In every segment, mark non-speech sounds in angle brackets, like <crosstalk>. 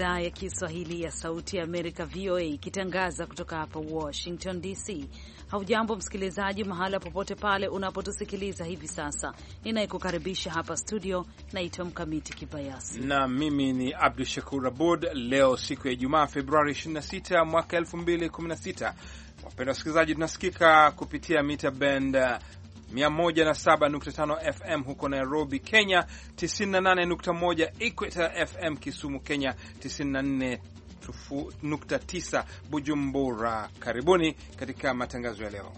idhaa ya Kiswahili ya Sauti ya Amerika, VOA, ikitangaza kutoka hapa Washington DC. Haujambo msikilizaji, mahala popote pale unapotusikiliza hivi sasa. Ninayekukaribisha hapa studio naitwa Mkamiti Kibayasi na mimi ni Abdu Shakur Abud. Leo siku ya Ijumaa, Februari 26 mwaka 2016. Wapenda wasikilizaji, tunasikika kupitia mita bend 107.5 FM huko Nairobi, Kenya, 98.1 Equator FM Kisumu, Kenya, 94.9 Bujumbura. Karibuni katika matangazo ya leo.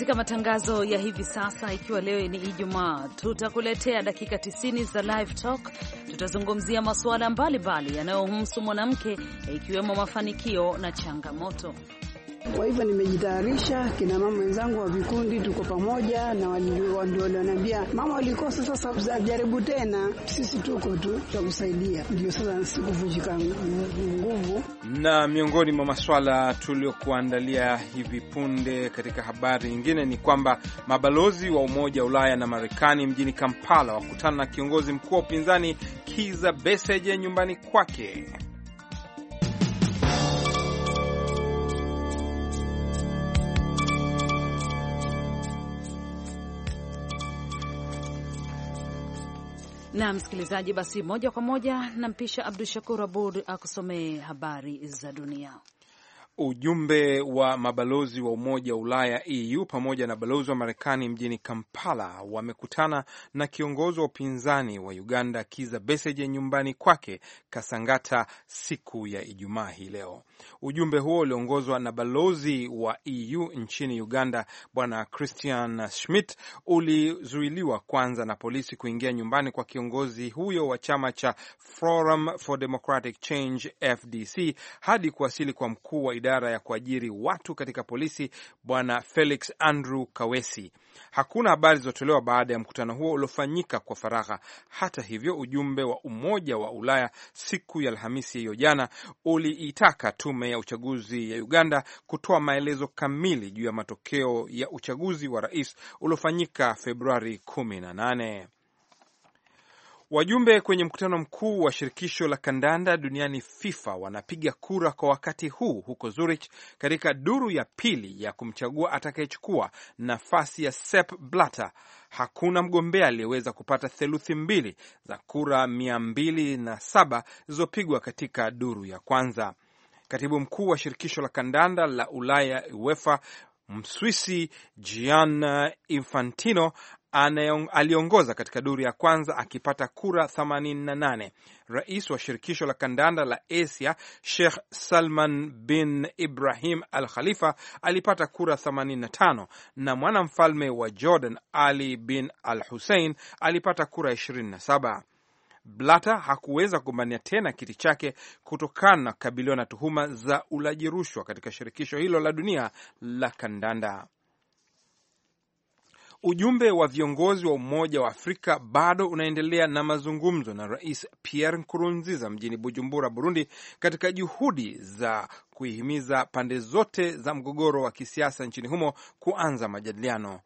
Katika matangazo ya hivi sasa, ikiwa leo ni Ijumaa, tutakuletea dakika 90 za live talk. Tutazungumzia masuala mbalimbali yanayohusu mwanamke, ikiwemo mafanikio na changamoto. Kwa hivyo nimejitayarisha, kina mama wenzangu wa vikundi tuko pamoja, na ndio walioniambia mama, walikosa sasa, jaribu tena, sisi tuko tu cha kusaidia. Ndio sasa sikuvunjika nguvu. Na miongoni mwa maswala tuliokuandalia hivi punde katika habari nyingine ni kwamba mabalozi wa Umoja wa Ulaya na Marekani mjini Kampala wakutana na kiongozi mkuu wa upinzani Kiza Besigye nyumbani kwake. na msikilizaji, basi moja kwa moja nampisha Abdu Shakur Abud akusomee habari za dunia. Ujumbe wa mabalozi wa Umoja wa Ulaya EU pamoja na balozi wa Marekani mjini Kampala wamekutana na kiongozi wa upinzani wa Uganda Kiza Beseje nyumbani kwake Kasangata siku ya Ijumaa hii leo. Ujumbe huo uliongozwa na balozi wa EU nchini Uganda Bwana Christian Schmidt ulizuiliwa kwanza na polisi kuingia nyumbani kwa kiongozi huyo wa chama cha Forum for Democratic Change FDC hadi kuwasili kwa mkuu wa idara idara ya kuajiri watu katika polisi Bwana Felix Andrew Kawesi. Hakuna habari zilizotolewa baada ya mkutano huo uliofanyika kwa faragha. Hata hivyo, ujumbe wa Umoja wa Ulaya siku ya Alhamisi hiyo jana uliitaka tume ya uchaguzi ya Uganda kutoa maelezo kamili juu ya matokeo ya uchaguzi wa rais uliofanyika Februari 18. Wajumbe kwenye mkutano mkuu wa shirikisho la kandanda duniani FIFA wanapiga kura kwa wakati huu huko Zurich katika duru ya pili ya kumchagua atakayechukua nafasi ya Sepp Blatter. Hakuna mgombea aliyeweza kupata theluthi mbili za kura mia mbili na saba zilizopigwa katika duru ya kwanza. Katibu mkuu wa shirikisho la kandanda la Ulaya UEFA Mswisi Gian Infantino aliongoza katika duru ya kwanza akipata kura 88. Rais wa shirikisho la kandanda la Asia Sheikh Salman bin Ibrahim Al Khalifa alipata kura 85 na mwanamfalme wa Jordan Ali bin Al Hussein alipata kura 27. Blata hakuweza kugombania tena kiti chake kutokana na kukabiliwa na tuhuma za ulaji rushwa katika shirikisho hilo la dunia la kandanda. Ujumbe wa viongozi wa Umoja wa Afrika bado unaendelea na mazungumzo na Rais Pierre Nkurunziza mjini Bujumbura, Burundi, katika juhudi za kuihimiza pande zote za mgogoro wa kisiasa nchini humo kuanza majadiliano.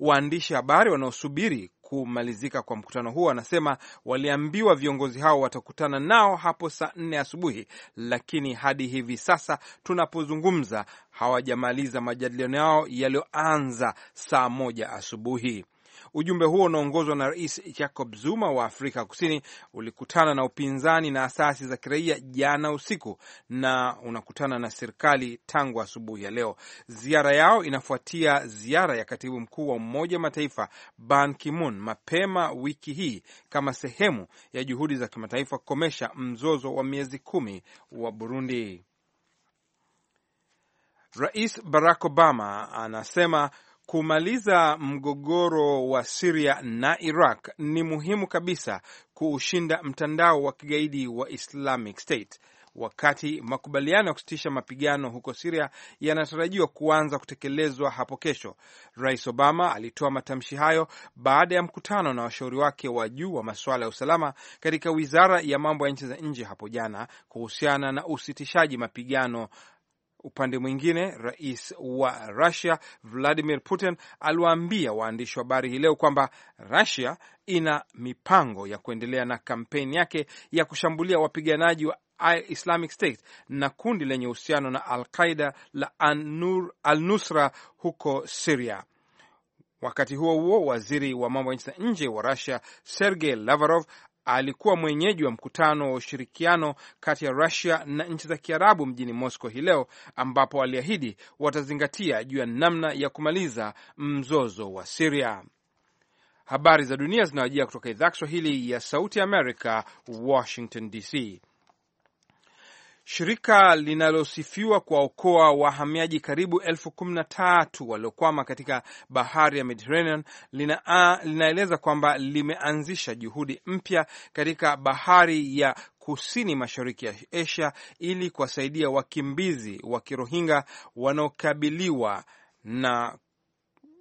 Waandishi habari wanaosubiri kumalizika kwa mkutano huo. Anasema waliambiwa viongozi hao watakutana nao hapo saa nne asubuhi, lakini hadi hivi sasa tunapozungumza hawajamaliza majadiliano yao yaliyoanza saa moja asubuhi. Ujumbe huo unaongozwa na Rais Jacob Zuma wa Afrika Kusini ulikutana na upinzani na asasi za kiraia jana usiku na unakutana na serikali tangu asubuhi ya leo. Ziara yao inafuatia ziara ya katibu mkuu wa Umoja wa Mataifa Ban Ki-moon mapema wiki hii kama sehemu ya juhudi za kimataifa kukomesha mzozo wa miezi kumi wa Burundi. Rais Barack Obama anasema Kumaliza mgogoro wa Siria na Iraq ni muhimu kabisa kuushinda mtandao wa kigaidi wa Islamic State. Wakati makubaliano ya kusitisha mapigano huko Siria yanatarajiwa kuanza kutekelezwa hapo kesho, Rais Obama alitoa matamshi hayo baada ya mkutano na washauri wake wa juu wa masuala ya usalama katika wizara ya mambo ya nchi za nje hapo jana kuhusiana na usitishaji mapigano Upande mwingine, rais wa Russia Vladimir Putin aliwaambia waandishi wa habari hii leo kwamba Russia ina mipango ya kuendelea na kampeni yake ya kushambulia wapiganaji wa Islamic State na kundi lenye uhusiano na Al-Qaida la Al-Nusra huko siria Wakati huo huo, waziri wa mambo ya nchi za nje wa Russia Sergei Lavrov alikuwa mwenyeji wa mkutano wa ushirikiano kati ya Rusia na nchi za Kiarabu mjini Moscow hii leo, ambapo waliahidi watazingatia juu ya namna ya kumaliza mzozo wa Siria. Habari za dunia zinawajia kutoka idhaa Kiswahili ya Sauti ya Amerika, Washington DC. Shirika linalosifiwa kuwaokoa wahamiaji karibu elfu kumi na tatu waliokwama katika bahari ya Mediterranean lina, linaeleza kwamba limeanzisha juhudi mpya katika bahari ya kusini mashariki ya Asia ili kuwasaidia wakimbizi wa kirohinga wanaokabiliwa na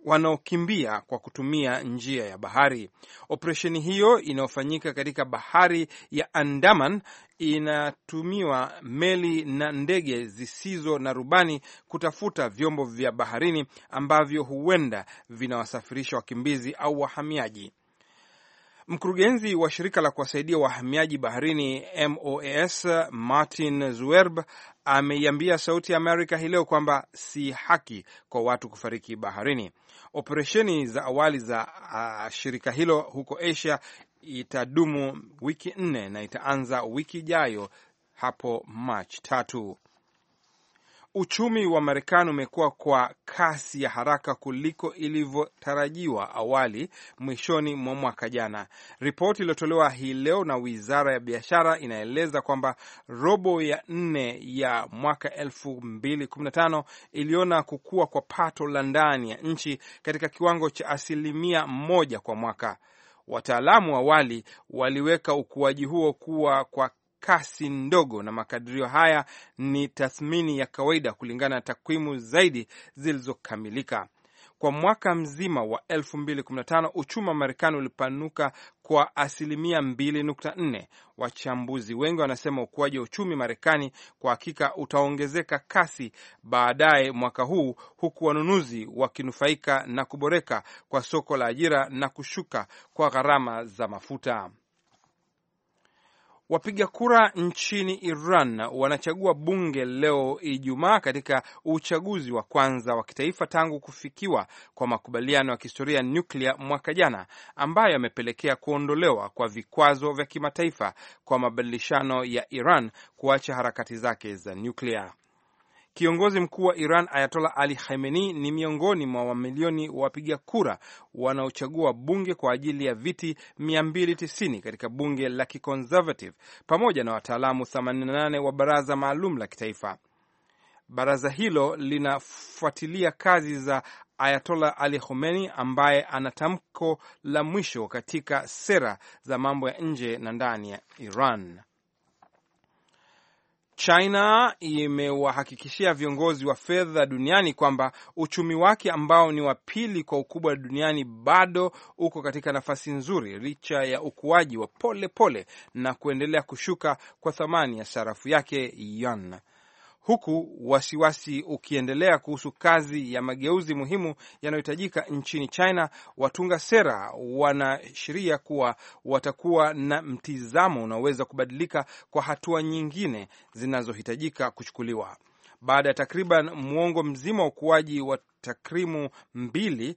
wanaokimbia kwa kutumia njia ya bahari. Operesheni hiyo inayofanyika katika bahari ya Andaman inatumiwa meli na ndege zisizo na rubani kutafuta vyombo vya baharini ambavyo huenda vinawasafirisha wakimbizi au wahamiaji. Mkurugenzi wa shirika la kuwasaidia wahamiaji baharini MOAS Martin Zuerb ameiambia Sauti ya Amerika hii leo kwamba si haki kwa watu kufariki baharini. Operesheni za awali za uh, shirika hilo huko Asia itadumu wiki nne na itaanza wiki ijayo hapo Machi tatu. Uchumi wa Marekani umekuwa kwa kasi ya haraka kuliko ilivyotarajiwa awali mwishoni mwa mwaka jana. Ripoti iliyotolewa hii leo na wizara ya biashara inaeleza kwamba robo ya nne ya mwaka 2015 iliona kukua kwa pato la ndani ya nchi katika kiwango cha asilimia moja kwa mwaka. Wataalamu awali waliweka ukuaji huo kuwa kwa kasi ndogo, na makadirio haya ni tathmini ya kawaida kulingana na takwimu zaidi zilizokamilika. Kwa mwaka mzima wa 2015 uchumi wa Marekani ulipanuka kwa asilimia 2.4. Wachambuzi wengi wanasema ukuaji wa uchumi Marekani kwa hakika utaongezeka kasi baadaye mwaka huu, huku wanunuzi wakinufaika na kuboreka kwa soko la ajira na kushuka kwa gharama za mafuta. Wapiga kura nchini Iran wanachagua bunge leo Ijumaa, katika uchaguzi wa kwanza wa kitaifa tangu kufikiwa kwa makubaliano ya kihistoria ya nyuklia mwaka jana, ambayo yamepelekea kuondolewa kwa vikwazo vya kimataifa kwa mabadilishano ya Iran kuacha harakati zake za nyuklia. Kiongozi mkuu wa Iran Ayatola Ali Khamenei ni miongoni mwa mamilioni wa wapiga kura wanaochagua bunge kwa ajili ya viti 290 katika bunge la kiconservative pamoja na wataalamu 88 wa baraza maalum la kitaifa. Baraza hilo linafuatilia kazi za Ayatola Ali homeni ambaye ana tamko la mwisho katika sera za mambo ya nje na ndani ya Iran. China imewahakikishia viongozi wa fedha duniani kwamba uchumi wake ambao ni wa pili kwa ukubwa duniani bado uko katika nafasi nzuri licha ya ukuaji wa pole pole na kuendelea kushuka kwa thamani ya sarafu yake yuan huku wasiwasi ukiendelea kuhusu kazi ya mageuzi muhimu yanayohitajika nchini China, watunga sera wanashiria kuwa watakuwa na mtizamo unaoweza kubadilika kwa hatua nyingine zinazohitajika kuchukuliwa. Baada ya takriban mwongo mzima wa ukuaji wa takrimu mbili,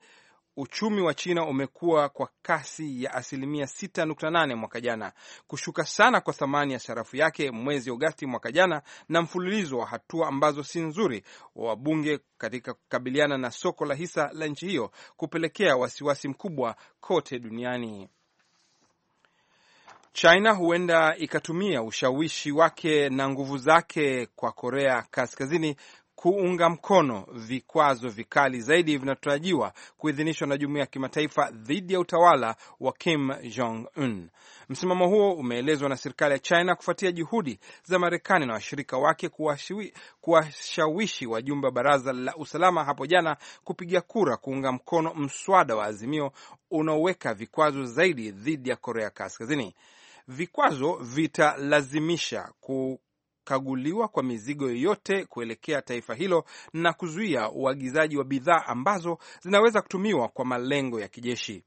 uchumi wa China umekuwa kwa kasi ya asilimia 6.8 mwaka jana, kushuka sana kwa thamani ya sarafu yake mwezi Agosti mwaka jana, na mfululizo wa hatua ambazo si nzuri wa wabunge katika kukabiliana na soko la hisa la nchi hiyo kupelekea wasiwasi mkubwa kote duniani. China huenda ikatumia ushawishi wake na nguvu zake kwa Korea Kaskazini kuunga mkono vikwazo vikali zaidi vinatarajiwa kuidhinishwa na jumuiya ya kimataifa dhidi ya utawala wa Kim Jong Un. Msimamo huo umeelezwa na serikali ya China kufuatia juhudi za Marekani na washirika wake kuwashawishi wajumbe wa baraza la usalama hapo jana kupiga kura kuunga mkono mswada wa azimio unaoweka vikwazo zaidi dhidi ya Korea Kaskazini. Vikwazo vitalazimisha ku kukaguliwa kwa mizigo yoyote kuelekea taifa hilo na kuzuia uagizaji wa bidhaa ambazo zinaweza kutumiwa kwa malengo ya kijeshi.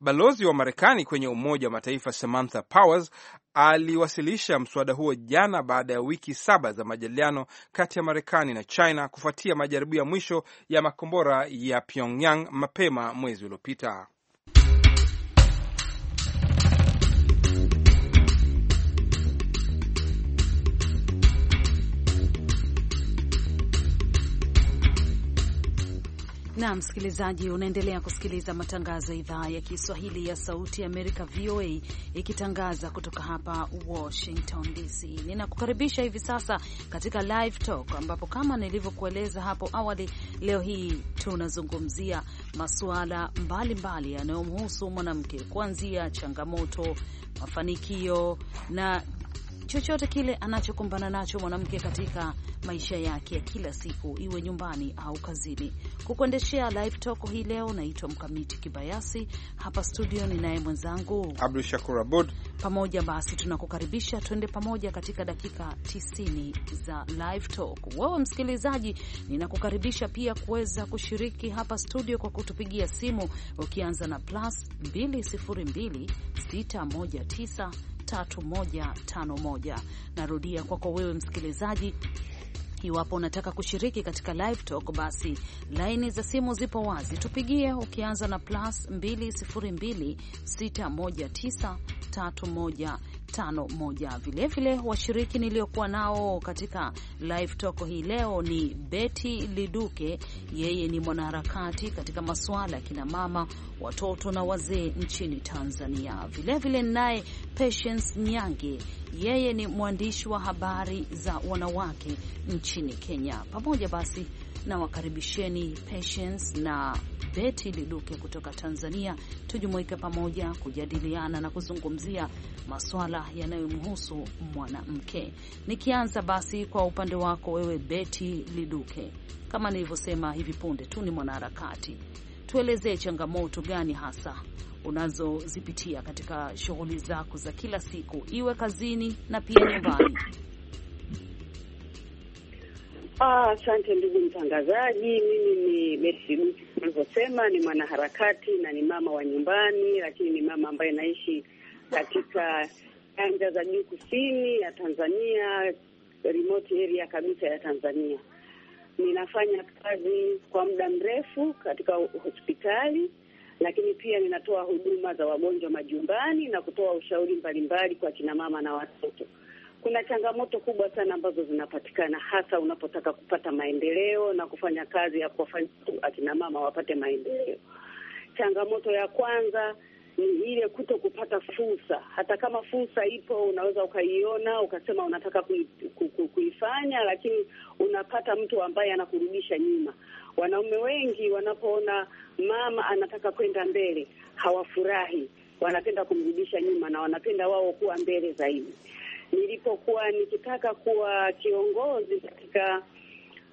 Balozi wa Marekani kwenye Umoja wa Mataifa Samantha Powers aliwasilisha mswada huo jana baada ya wiki saba za majadiliano kati ya Marekani na China kufuatia majaribio ya mwisho ya makombora ya Pyongyang mapema mwezi uliopita. na msikilizaji, unaendelea kusikiliza matangazo ya idhaa ya Kiswahili ya Sauti Amerika, VOA, ikitangaza kutoka hapa Washington DC. Ninakukaribisha hivi sasa katika Live Talk, ambapo kama nilivyokueleza hapo awali, leo hii tunazungumzia masuala mbalimbali yanayomhusu mwanamke, kuanzia changamoto, mafanikio na chochote kile anachokumbana nacho mwanamke katika maisha yake ya kila siku, iwe nyumbani au kazini. Kukuendeshea live talk hii leo naitwa Mkamiti Kibayasi, hapa studio ni naye mwenzangu Abdu Shakur Abud. Pamoja basi, tunakukaribisha twende pamoja katika dakika 90 za live talk. Wewe msikilizaji, ninakukaribisha pia kuweza kushiriki hapa studio kwa kutupigia simu ukianza na plus 202 619 3151. Narudia kwako wewe msikilizaji, iwapo unataka kushiriki katika live talk, basi laini za simu zipo wazi, tupigie ukianza na plus 202 619 31 51. Vilevile, washiriki niliyokuwa nao katika live talk hii leo ni Betty Liduke, yeye ni mwanaharakati katika masuala ya kina mama, watoto na wazee nchini Tanzania. Vilevile naye Patience Nyange, yeye ni mwandishi wa habari za wanawake nchini Kenya. Pamoja basi na wakaribisheni Patience na Beti liduke kutoka Tanzania, tujumuike pamoja kujadiliana na kuzungumzia masuala yanayomhusu mwanamke. Nikianza basi kwa upande wako wewe, Beti liduke kama nilivyosema hivi punde tu, ni mwanaharakati. Tuelezee changamoto gani hasa unazozipitia katika shughuli zako za kila siku, iwe kazini na pia nyumbani. Ah, asante ah, ndugu mtangazaji. Mimi ni Mercy Busi, ulivyosema ni mwanaharakati na ni mama wa nyumbani, lakini ni mama ambaye naishi katika nyanja za juu kusini ya Tanzania, remote area kabisa ya Tanzania. Ninafanya kazi kwa muda mrefu katika hospitali, lakini pia ninatoa huduma za wagonjwa majumbani na kutoa ushauri mbalimbali kwa kina mama na watoto kuna changamoto kubwa sana ambazo zinapatikana hasa unapotaka kupata maendeleo na kufanya kazi ya kuwafanya akina mama wapate maendeleo. Changamoto ya kwanza ni ile kuto kupata fursa. Hata kama fursa ipo, unaweza ukaiona ukasema unataka kuifanya, lakini unapata mtu ambaye anakurudisha nyuma. Wanaume wengi wanapoona mama anataka kwenda mbele hawafurahi, wanapenda kumrudisha nyuma na wanapenda wao kuwa mbele zaidi nilipokuwa nikitaka kuwa kiongozi katika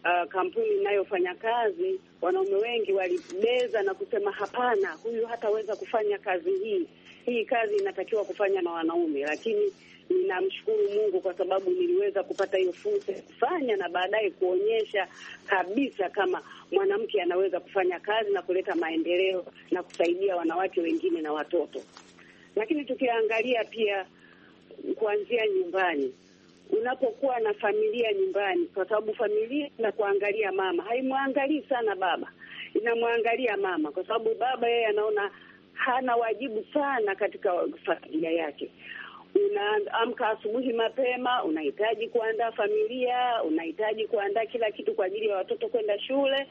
uh, kampuni inayofanya kazi, wanaume wengi walibeza na kusema hapana, huyu hataweza kufanya kazi hii, hii kazi inatakiwa kufanya na wanaume. Lakini ninamshukuru Mungu kwa sababu niliweza kupata hiyo fursa ya kufanya na baadaye kuonyesha kabisa kama mwanamke anaweza kufanya kazi na kuleta maendeleo na kusaidia wanawake wengine na watoto. Lakini tukiangalia pia kuanzia nyumbani, unapokuwa na familia nyumbani, kwa sababu familia inakuangalia mama, haimwangalii sana baba, inamwangalia mama, kwa sababu baba yeye anaona hana wajibu sana katika familia yake. Unaamka asubuhi mapema, unahitaji kuandaa familia, unahitaji kuandaa kila kitu kwa ajili ya watoto kwenda shule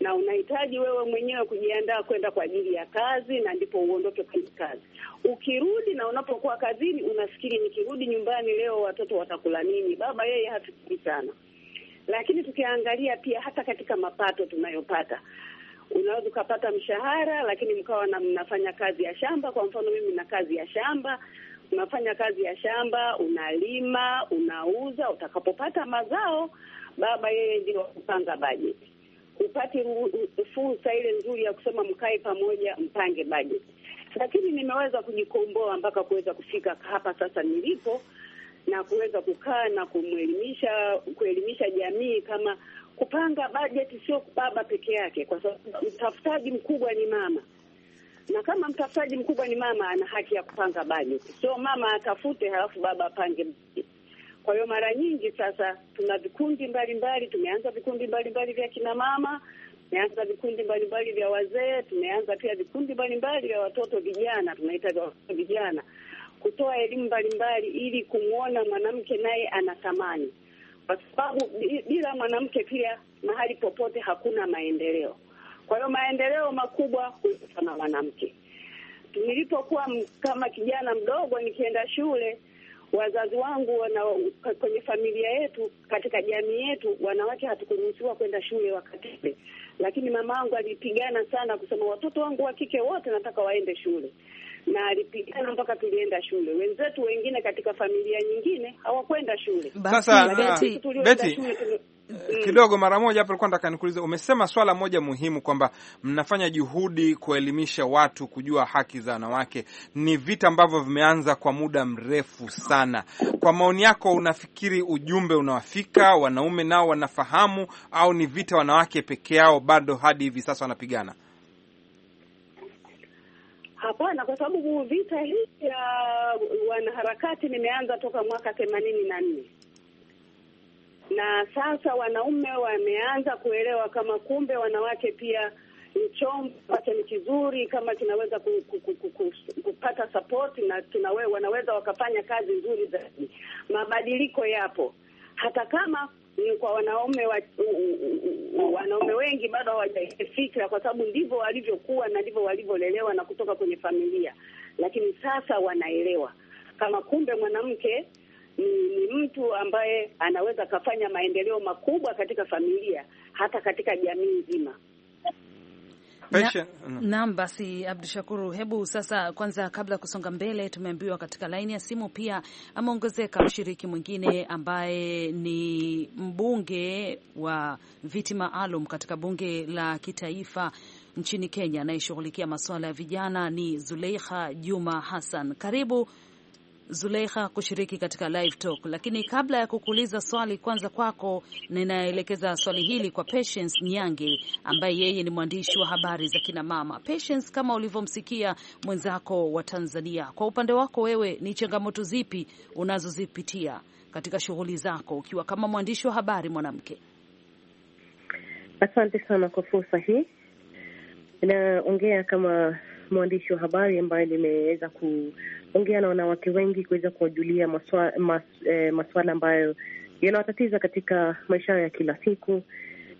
na unahitaji wewe mwenyewe kujiandaa kwenda kwa ajili ya kazi, na ndipo uondoke kwenye kazi. Ukirudi na unapokuwa kazini, unafikiri nikirudi nyumbani leo watoto watakula nini? Baba yeye hafikiri sana, lakini tukiangalia pia hata katika mapato tunayopata unaweza ukapata mshahara lakini mkawa na mnafanya kazi ya shamba. Kwa mfano mimi na kazi ya shamba, unafanya kazi ya shamba, unalima, unauza. Utakapopata mazao, baba yeye ndio kupanga bajeti upate fursa ile nzuri ya kusema mkae pamoja, mpange bajeti. Lakini nimeweza kujikomboa mpaka kuweza kufika hapa sasa nilipo na kuweza kukaa na kumwelimisha kuelimisha jamii kama kupanga bajeti sio baba peke yake, kwa sababu mtafutaji mkubwa ni mama, na kama mtafutaji mkubwa ni mama, ana haki ya kupanga bajeti. Sio mama atafute halafu baba apange bajeti. Kwa hiyo mara nyingi sasa tuna vikundi mbalimbali, tumeanza vikundi mbalimbali vya kinamama, tumeanza vikundi mbalimbali vya wazee, tumeanza pia vikundi mbalimbali vya watoto vijana, tunaita vya watoto vijana, kutoa elimu mbalimbali ili kumwona mwanamke naye ana thamani, kwa sababu bila mwanamke pia mahali popote hakuna maendeleo. Kwa hiyo maendeleo makubwa huitwa na mwanamke. Nilipokuwa kama kijana mdogo nikienda shule wazazi wangu wana, kwenye familia yetu, katika jamii yetu, wanawake hatukuruhusiwa kwenda shule wakati ule, lakini mama yangu alipigana sana kusema watoto wangu wa kike wote nataka waende shule na alipigana mpaka tulienda shule. Wenzetu wengine katika familia nyingine hawakwenda shule. Sasa Beti, ah, Beti mm. kidogo mara moja hapo, nilikuwa nataka nikuulize, umesema swala moja muhimu kwamba mnafanya juhudi kuelimisha watu kujua haki za wanawake. Ni vita ambavyo vimeanza kwa muda mrefu sana. Kwa maoni yako, unafikiri ujumbe unawafika wanaume, nao wanafahamu, au ni vita wanawake peke yao bado hadi hivi sasa wanapigana? Hapana, kwa sababu vita hii ya wanaharakati nimeanza toka mwaka themanini na nne na sasa wanaume wameanza kuelewa kama kumbe wanawake pia ni chombo ambacho ni kizuri, kama kinaweza ku, ku, ku, ku, ku, kupata sapoti na tunawe, wanaweza wakafanya kazi nzuri zaidi. Mabadiliko yapo hata kama ni mm, kwa wanaume wa, u, u, u, wanaume wengi bado hawajafikira, kwa sababu ndivyo walivyokuwa na ndivyo walivyolelewa na kutoka kwenye familia, lakini sasa wanaelewa kama kumbe mwanamke ni, ni mtu ambaye anaweza akafanya maendeleo makubwa katika familia, hata katika jamii nzima. Passion. Na, mm. naam basi Abdu Shakuru, hebu sasa kwanza kabla ya kusonga mbele, tumeambiwa katika laini ya simu pia ameongezeka mshiriki mwingine ambaye ni mbunge wa viti maalum katika bunge la kitaifa nchini Kenya anayeshughulikia masuala ya vijana, ni Zuleikha Juma Hassan. Karibu Zuleikha kushiriki katika live talk, lakini kabla ya kukuuliza swali kwanza kwako, ninaelekeza swali hili kwa Patience Nyange ambaye yeye ni mwandishi wa habari za kina mama. Patience, kama ulivyomsikia mwenzako wa Tanzania, kwa upande wako wewe ni changamoto zipi unazozipitia katika shughuli zako ukiwa kama mwandishi wa habari mwanamke? Asante sana kwa fursa hii. Naongea kama mwandishi wa habari ambaye nimeweza ku kuongea na wanawake wengi kuweza kuwajulia masuala mas, eh, maswala ambayo yanawatatiza katika maisha ya kila siku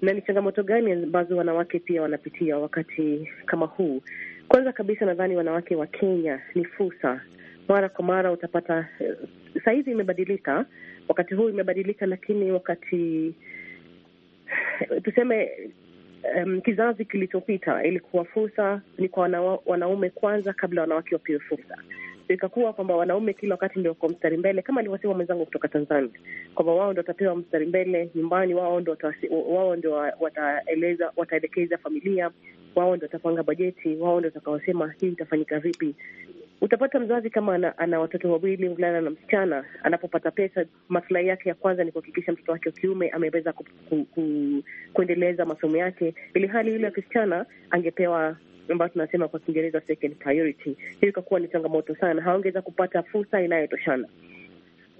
na ni changamoto gani ambazo wanawake pia wanapitia wakati kama huu. Kwanza kabisa, nadhani wanawake wa Kenya ni fursa. Mara kwa mara utapata eh, sahizi imebadilika, wakati huu imebadilika, lakini wakati eh, tuseme um, kizazi kilichopita ilikuwa fursa ni kwa wana, wanaume kwanza kabla wanawake wapewe fursa so ikakuwa kwamba wanaume kila wakati ndio kwa mstari mbele, kama alivyosema mwenzangu kutoka Tanzania kwamba wao ndo watapewa mstari mbele nyumbani, wao ndo wao ndo wataeleza, wataelekeza familia, wao ndo watapanga bajeti, wao ndo watakaosema hii itafanyika vipi. Utapata mzazi kama ana, ana watoto wawili, mvulana na msichana, anapopata pesa, maslahi yake ya kwanza ni kuhakikisha mtoto wake wa kiume ameweza ku, ku, ku, kuendeleza masomo yake, ili hali yule ya kisichana angepewa ambayo tunasema kwa Kiingereza second priority. Hiyo ikakuwa ni changamoto sana, hawangeweza kupata fursa inayotoshana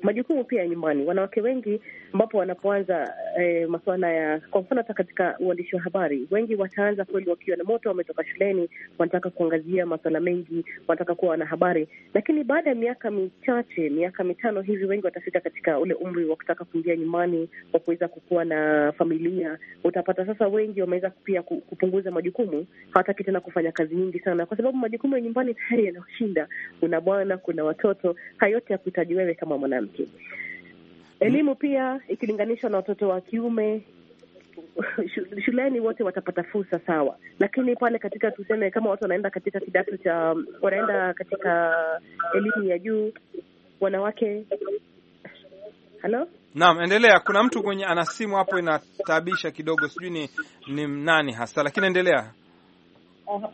majukumu pia ya nyumbani. Wanawake wengi ambapo wanapoanza eh, masuala ya kwa mfano hata katika uandishi wa habari, wengi wataanza kweli wakiwa na moto, wametoka shuleni, wanataka kuangazia masuala mengi, wanataka kuwa wanahabari, lakini baada ya miaka michache, miaka mitano hivi, wengi watafika katika ule umri wa kutaka kuingia nyumbani, wa kuweza kukuwa na familia. Utapata sasa wengi wameweza pia kupunguza majukumu, hawataki tena kufanya kazi nyingi sana, kwa sababu majukumu ya nyumbani tayari yanashinda. Una bwana, kuna watoto, hayote ya kuhitaji wewe kama mwanamke kike. Elimu pia ikilinganishwa na watoto wa kiume <laughs> shuleni wote watapata fursa sawa, lakini pale katika tuseme, kama watu wanaenda katika kidato cha wanaenda katika elimu ya juu, wanawake. Halo, naam, endelea. Kuna mtu kwenye ana simu hapo, inatabisha kidogo, sijui ni, ni nani hasa, lakini endelea. Ah,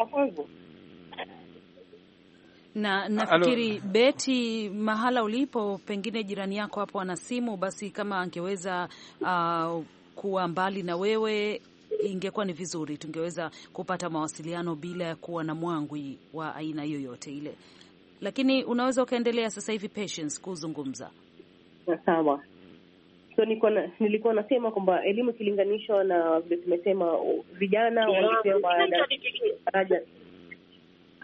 na ah, nafikiri Beti, mahala ulipo, pengine jirani yako hapo ana simu, basi kama angeweza uh, kuwa mbali na wewe ingekuwa ni vizuri, tungeweza kupata mawasiliano bila ya kuwa na mwangwi wa aina yoyote ile, lakini unaweza ukaendelea sasa hivi Patience kuzungumza. Ah, sawa, so nilikuwa nasema kwamba elimu ikilinganishwa na vile tumesema, vijana wa daraja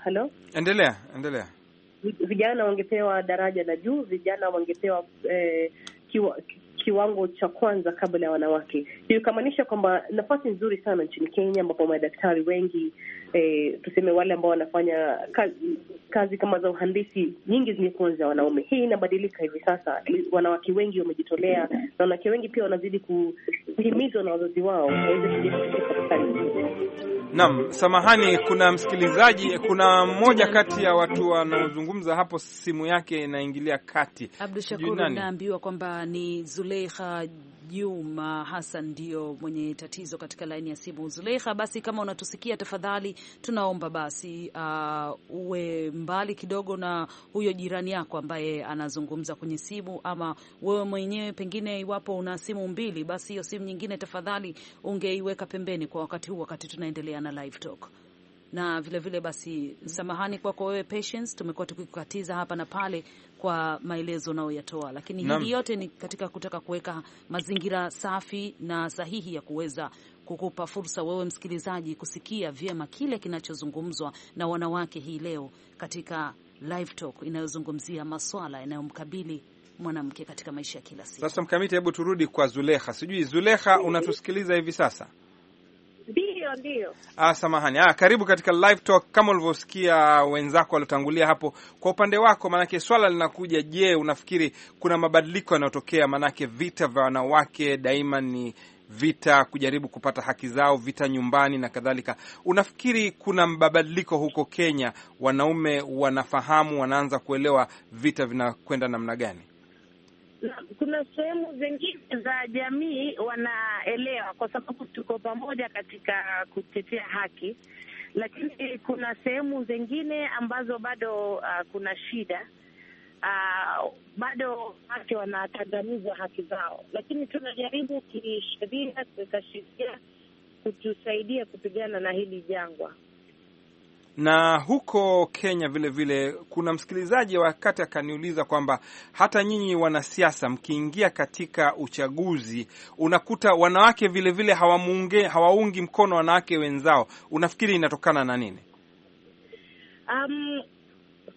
Hello, endelea endelea. Vijana wangepewa daraja la juu, vijana wangepewa eh, kiwa, kiwango cha kwanza kabla ya wanawake. Hiyo ikamaanisha kwamba nafasi nzuri sana nchini Kenya, ambapo madaktari wengi eh, tuseme wale ambao wanafanya kazi, kazi kama za uhandisi nyingi zimekuwa za wanaume. Hii inabadilika hivi sasa, wanawake wengi wamejitolea na wanawake wengi pia wanazidi ku, kuhimizwa na wazazi wao waweze Naam, samahani, kuna msikilizaji, kuna mmoja kati ya watu wanaozungumza hapo, simu yake inaingilia kati. Abdushakur, naambiwa kwamba ni Zuleikha Juma Hassan ndio mwenye tatizo katika laini ya simu. Zuleha, basi kama unatusikia, tafadhali tunaomba basi uh, uwe mbali kidogo na huyo jirani yako ambaye anazungumza kwenye simu, ama wewe mwenyewe pengine, iwapo una simu mbili, basi hiyo simu nyingine tafadhali ungeiweka pembeni kwa wakati huu, wakati tunaendelea na live talk na vilevile vile basi, samahani kwako wewe Patience, tumekuwa tukikukatiza hapa na pale, kwa maelezo unayoyatoa, lakini hili yote ni katika kutaka kuweka mazingira safi na sahihi ya kuweza kukupa fursa wewe msikilizaji kusikia vyema kile kinachozungumzwa na wanawake hii leo katika live talk inayozungumzia maswala yanayomkabili mwanamke katika maisha ya kila siku. Sasa mkamiti, hebu turudi kwa Zulekha. Sijui Zulekha, unatusikiliza hivi sasa? Ndio, ndio. Ah, samahani. Ah, karibu katika live talk. Kama ulivyosikia wenzako waliotangulia hapo, kwa upande wako, maanake swala linakuja, je, unafikiri kuna mabadiliko yanayotokea? Maanake vita vya wanawake daima ni vita kujaribu kupata haki zao, vita nyumbani na kadhalika. Unafikiri kuna mabadiliko huko Kenya? Wanaume wanafahamu, wanaanza kuelewa vita vinakwenda namna gani? kuna sehemu zingine za jamii wanaelewa, kwa sababu tuko pamoja katika kutetea haki, lakini kuna sehemu zingine ambazo bado uh, kuna shida uh, bado wake wanakandamizwa haki zao, lakini tunajaribu kisheria, kuweka sheria kutusaidia kupigana na hili jangwa. Na huko Kenya vile vile kuna msikilizaji wakati akaniuliza kwamba hata nyinyi wanasiasa mkiingia katika uchaguzi unakuta wanawake vile vile hawamuunge, hawaungi mkono wanawake wenzao, unafikiri inatokana na nini? Um,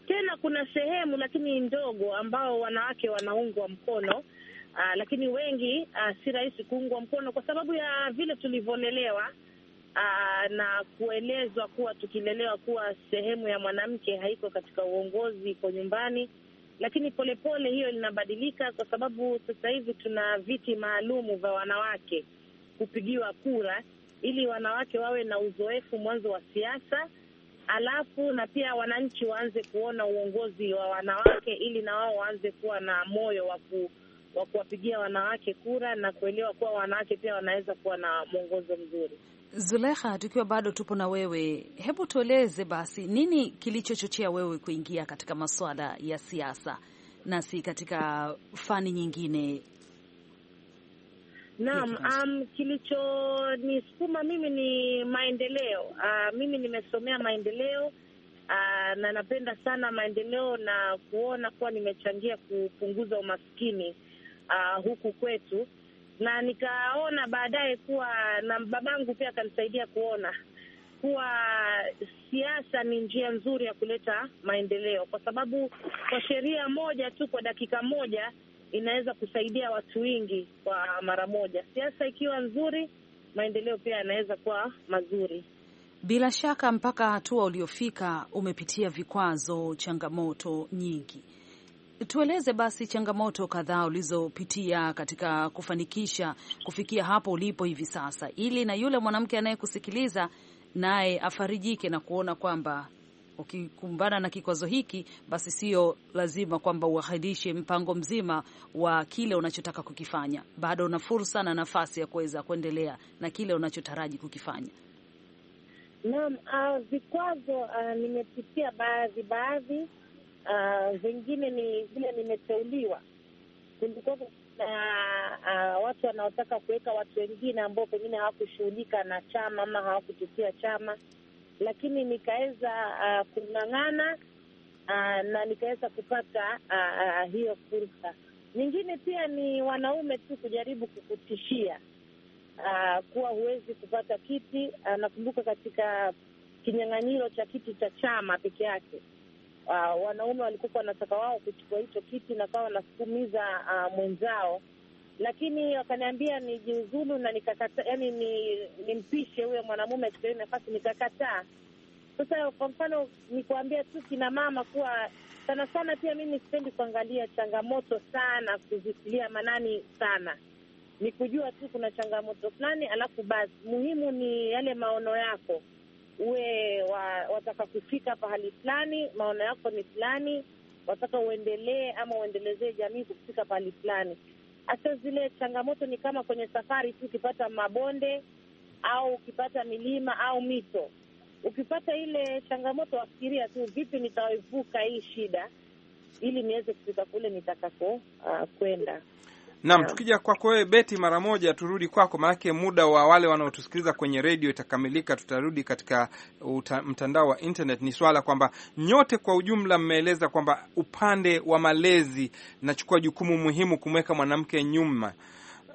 tena kuna sehemu lakini ndogo ambao wanawake wanaungwa mkono. uh, lakini wengi uh, si rahisi kuungwa mkono kwa sababu ya vile tulivyolelewa aa, ah, na kuelezwa kuwa tukilelewa kuwa sehemu ya mwanamke haiko katika uongozi, iko nyumbani. Lakini polepole pole hiyo linabadilika, kwa sababu sasa hivi tuna viti maalumu vya wanawake kupigiwa kura, ili wanawake wawe na uzoefu mwanzo wa siasa, alafu na pia wananchi waanze kuona uongozi wa wanawake, ili na wao waanze kuwa na moyo wa ku wa kuwapigia wanawake kura na kuelewa kuwa wanawake pia wanaweza kuwa na mwongozo mzuri. Zulekha, tukiwa bado tupo na wewe, hebu tueleze basi nini kilichochochea wewe kuingia katika masuala ya siasa na si katika fani nyingine? Naam, um, kilichonisukuma mimi ni maendeleo. Uh, mimi nimesomea maendeleo uh, na napenda sana maendeleo na kuona kuwa nimechangia kupunguza umaskini uh, huku kwetu na nikaona baadaye kuwa na babangu pia akanisaidia kuona kuwa siasa ni njia nzuri ya kuleta maendeleo, kwa sababu kwa sheria moja tu kwa dakika moja inaweza kusaidia watu wengi kwa mara moja. Siasa ikiwa nzuri, maendeleo pia yanaweza kuwa mazuri. Bila shaka, mpaka hatua uliofika umepitia vikwazo, changamoto nyingi tueleze basi changamoto kadhaa ulizopitia katika kufanikisha kufikia hapo ulipo hivi sasa, ili na yule mwanamke anayekusikiliza naye afarijike na kuona kwamba ukikumbana na kikwazo hiki basi sio lazima kwamba uahirishe mpango mzima wa kile unachotaka kukifanya. Bado una fursa na nafasi ya kuweza kuendelea na kile unachotaraji kukifanya. Naam, uh, vikwazo uh, nimepitia baadhi baadhi vingine ah, ni vile nimeteuliwa, kulikuwa na uh, watu wanaotaka kuweka watu wengine ambao pengine hawakushughulika na chama ama hawakutukia chama, lakini nikaweza uh, kung'ang'ana uh, na nikaweza kupata uh, uh, hiyo fursa. Nyingine pia ni wanaume tu kujaribu kukutishia uh, kuwa huwezi kupata kiti. Nakumbuka uh, katika kinyang'anyiro cha kiti cha chama peke yake uh, wanaume walikuwa wanataka wao kuchukua hicho kiti na kawa wanasukumiza uh, ah, mwenzao, lakini wakaniambia nijiuzulu na nikakata, yani ni, nimpishe huyo mwanamume achukue nafasi, nikakataa. Sasa kwa mfano nikuambia tu kina mama kuwa sana sana, pia mimi sipendi kuangalia changamoto sana, kuzitilia manani sana, ni kujua tu kuna changamoto fulani, alafu basi muhimu ni yale maono yako uwe wa, wataka kufika pahali fulani, maono yako ni fulani, wataka uendelee ama uendelezee jamii kufika pahali fulani. hasa zile changamoto ni kama kwenye safari tu, ukipata mabonde au ukipata milima au mito, ukipata ile changamoto, wafikiria tu, vipi nitaivuka hii shida ili niweze kufika kule nitakako uh, kwenda. Naam, tukija kwako wewe Beti, mara moja turudi kwako, maanake muda wa wale wanaotusikiliza kwenye redio itakamilika. Tutarudi katika uta, mtandao wa internet. Ni swala kwamba nyote kwa ujumla mmeeleza kwamba upande wa malezi nachukua jukumu muhimu kumweka mwanamke nyuma.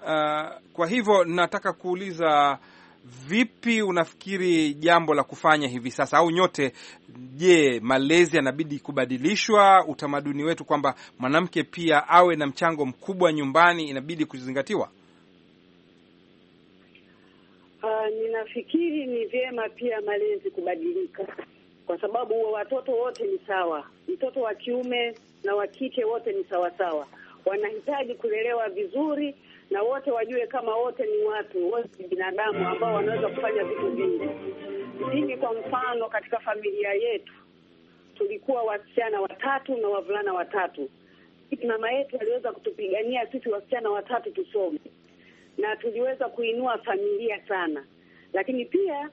Uh, kwa hivyo nataka kuuliza Vipi unafikiri jambo la kufanya hivi sasa au nyote, je, malezi yanabidi kubadilishwa? Utamaduni wetu kwamba mwanamke pia awe na mchango mkubwa nyumbani inabidi kuzingatiwa. Uh, ninafikiri ni vyema pia malezi kubadilika, kwa sababu watoto wote ni sawa, mtoto wa kiume na wa kike wote ni sawasawa, wanahitaji kulelewa vizuri na wote wajue kama wote ni watu, wote ni binadamu ambao wanaweza kufanya vitu vingi. Mimi kwa mfano, katika familia yetu tulikuwa wasichana watatu na wavulana watatu. Mama yetu aliweza kutupigania sisi wasichana watatu tusome, na tuliweza kuinua familia sana, lakini pia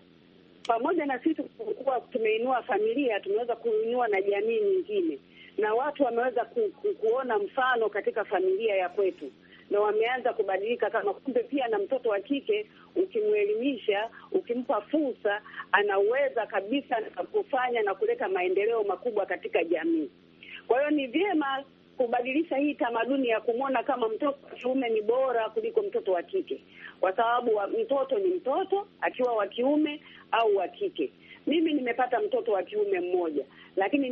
pamoja na sisi kuwa tumeinua familia, tumeweza kuinua na jamii nyingine, na watu wameweza ku, ku, kuona mfano katika familia ya kwetu na wameanza kubadilika, kama kumbe pia na mtoto wa kike ukimwelimisha, ukimpa fursa, anaweza kabisa na kufanya na kuleta maendeleo makubwa katika jamii. Kwa hiyo ni vyema kubadilisha hii tamaduni ya kumwona kama mtoto wa kiume ni bora kuliko mtoto wa kike, kwa sababu mtoto ni mtoto akiwa wa kiume au wa kike. Mimi nimepata mtoto wa kiume mmoja, lakini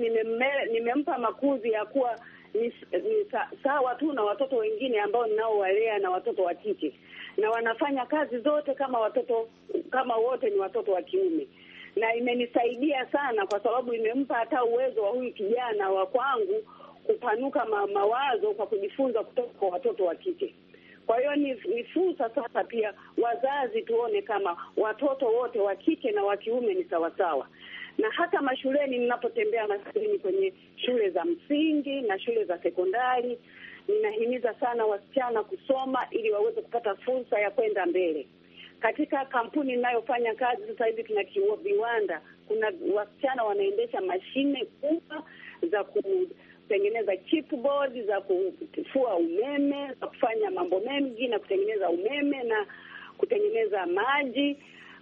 nimempa makuzi ya kuwa ni, ni sa, sawa tu na watoto wengine ambao ninaowalea na watoto wa kike, na wanafanya kazi zote kama watoto kama wote ni watoto wa kiume, na imenisaidia sana kwa sababu imempa hata uwezo wa huyu kijana wa kwangu kupanuka ma, mawazo kwa kujifunza kutoka kwa watoto wa kike. Kwa hiyo ni, ni fursa sasa pia wazazi tuone kama watoto wote wa kike na wa kiume ni sawasawa na hata mashuleni, ninapotembea maskini kwenye shule za msingi na shule za sekondari, ninahimiza sana wasichana kusoma ili waweze kupata fursa ya kwenda mbele. Katika kampuni inayofanya kazi sasa hivi, tuna viwanda, kuna wasichana wanaendesha mashine kubwa za kutengeneza chipboard, za kufua umeme, za kufanya mambo mengi na kutengeneza umeme na kutengeneza maji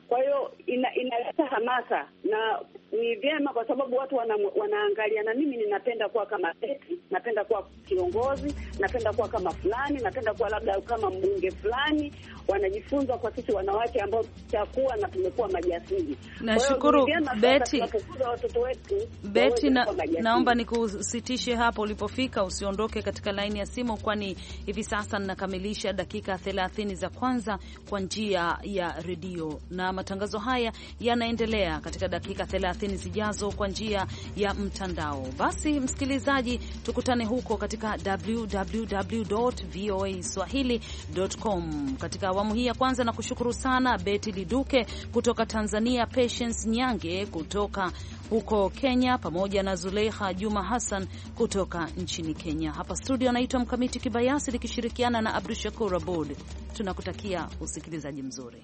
kwa hiyo ina, inaleta hamasa na ni vyema, kwa sababu watu wana, wanaangalia. Na mimi ninapenda kuwa kama Betty, napenda kuwa kiongozi, napenda kuwa kama fulani, napenda kuwa labda kama mbunge fulani. Wanajifunza kwa sisi wanawake ambao tutakuwa na tumekuwa majasiri. Nashukuru watoto wetu Beti, na, naomba nikusitishe hapo ulipofika, usiondoke katika laini ya simu, kwani hivi sasa ninakamilisha dakika 30 za kwanza kwa njia ya redio na matangazo haya yanaendelea katika dakika 30 zijazo kwa njia ya mtandao. Basi msikilizaji, tukutane huko katika www.voaswahili.com katika awamu hii ya kwanza. Na kushukuru sana Beti Liduke kutoka Tanzania, Patience Nyange kutoka huko Kenya, pamoja na zuleiha Juma Hassan kutoka nchini Kenya. Hapa studio anaitwa Mkamiti Kibayasi nikishirikiana na Abdu Shakur Abud. Tunakutakia usikilizaji mzuri.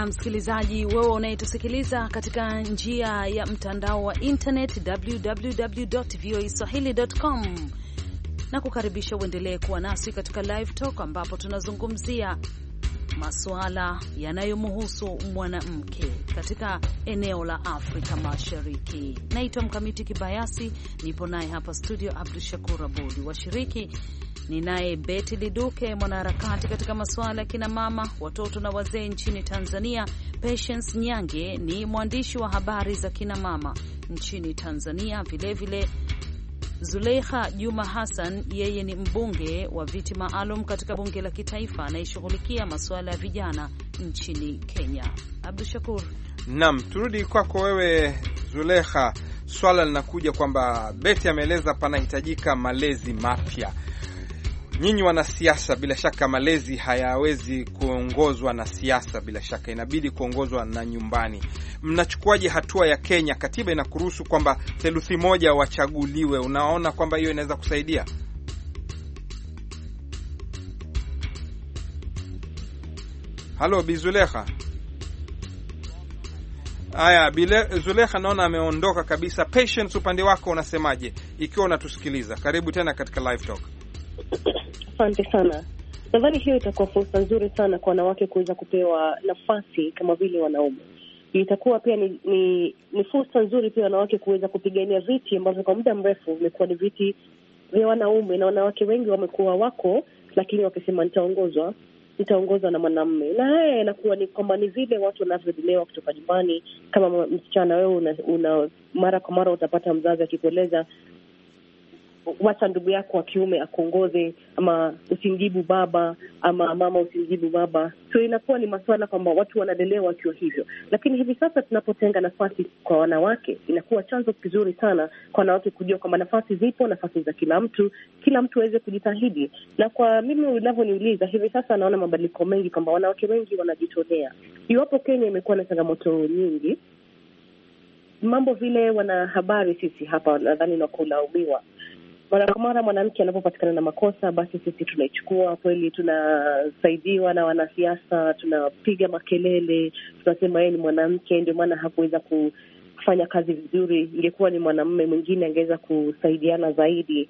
na msikilizaji, wewe unayetusikiliza katika njia ya mtandao wa internet www.voaswahili.com, na kukaribisha uendelee kuwa nasi katika live talk ambapo tunazungumzia masuala yanayomhusu mwanamke katika eneo la Afrika Mashariki. Naitwa Mkamiti Kibayasi, nipo naye hapa studio Abdu Shakur Abudi. Washiriki ni naye Beti Liduke, mwanaharakati katika masuala ya kinamama, watoto na wazee nchini Tanzania. Patience Nyange ni mwandishi wa habari za kinamama nchini Tanzania, vilevile Zuleikha Juma Hassan yeye ni mbunge wa viti maalum katika bunge la kitaifa anayeshughulikia masuala ya vijana nchini Kenya. Abdu Shakur. Naam, turudi kwako wewe Zuleikha. Swala linakuja kwamba Beti ameeleza panahitajika malezi mapya Nyinyi wanasiasa, bila shaka malezi hayawezi kuongozwa na siasa, bila shaka inabidi kuongozwa na nyumbani. Mnachukuaje hatua ya Kenya? Katiba inakuruhusu kwamba theluthi moja wachaguliwe. Unaona kwamba hiyo inaweza kusaidia? Halo Bizulekha. Haya, Zulekha naona ameondoka kabisa. Patience, upande wako unasemaje? Ikiwa unatusikiliza, karibu tena katika live talk. Asante sana. Nadhani hiyo itakuwa fursa nzuri sana kwa wanawake kuweza kupewa nafasi kama vile wanaume. Itakuwa pia ni, ni, ni fursa nzuri pia wanawake kuweza kupigania viti ambavyo kwa muda mrefu vimekuwa ni viti vya wanaume, na wanawake wengi wamekuwa wako, lakini wakisema nitaongozwa nitaongozwa na mwanamme, na haya yanakuwa ni kwamba ni vile watu wanavyolelewa kutoka nyumbani. Kama msichana wewe una, una mara kwa mara utapata mzazi akikueleza wacha ndugu yako wa kiume akuongoze, ama usimjibu baba, ama mama usimjibu baba. So inakuwa ni maswala kwamba watu wanalelewa wakiwa hivyo, lakini hivi sasa tunapotenga nafasi kwa wanawake, inakuwa chanzo kizuri sana kwa wanawake kujua kwamba nafasi zipo, nafasi za kila mtu, kila mtu aweze kujitahidi. Na kwa mimi unavyoniuliza, hivi sasa naona mabadiliko mengi kwamba wanawake wengi wanajitolea. Iwapo Kenya imekuwa na changamoto nyingi mambo vile wanahabari sisi hapa nadhani nakulaumiwa, mara kwa mara mwanamke anapopatikana na makosa, basi sisi tunaichukua kweli, tunasaidiwa na wanasiasa, tunapiga makelele, tunasema yeye ni mwanamke, ndio maana hakuweza ku fanya kazi vizuri. Ingekuwa ni mwanamume mwingine angeweza kusaidiana zaidi,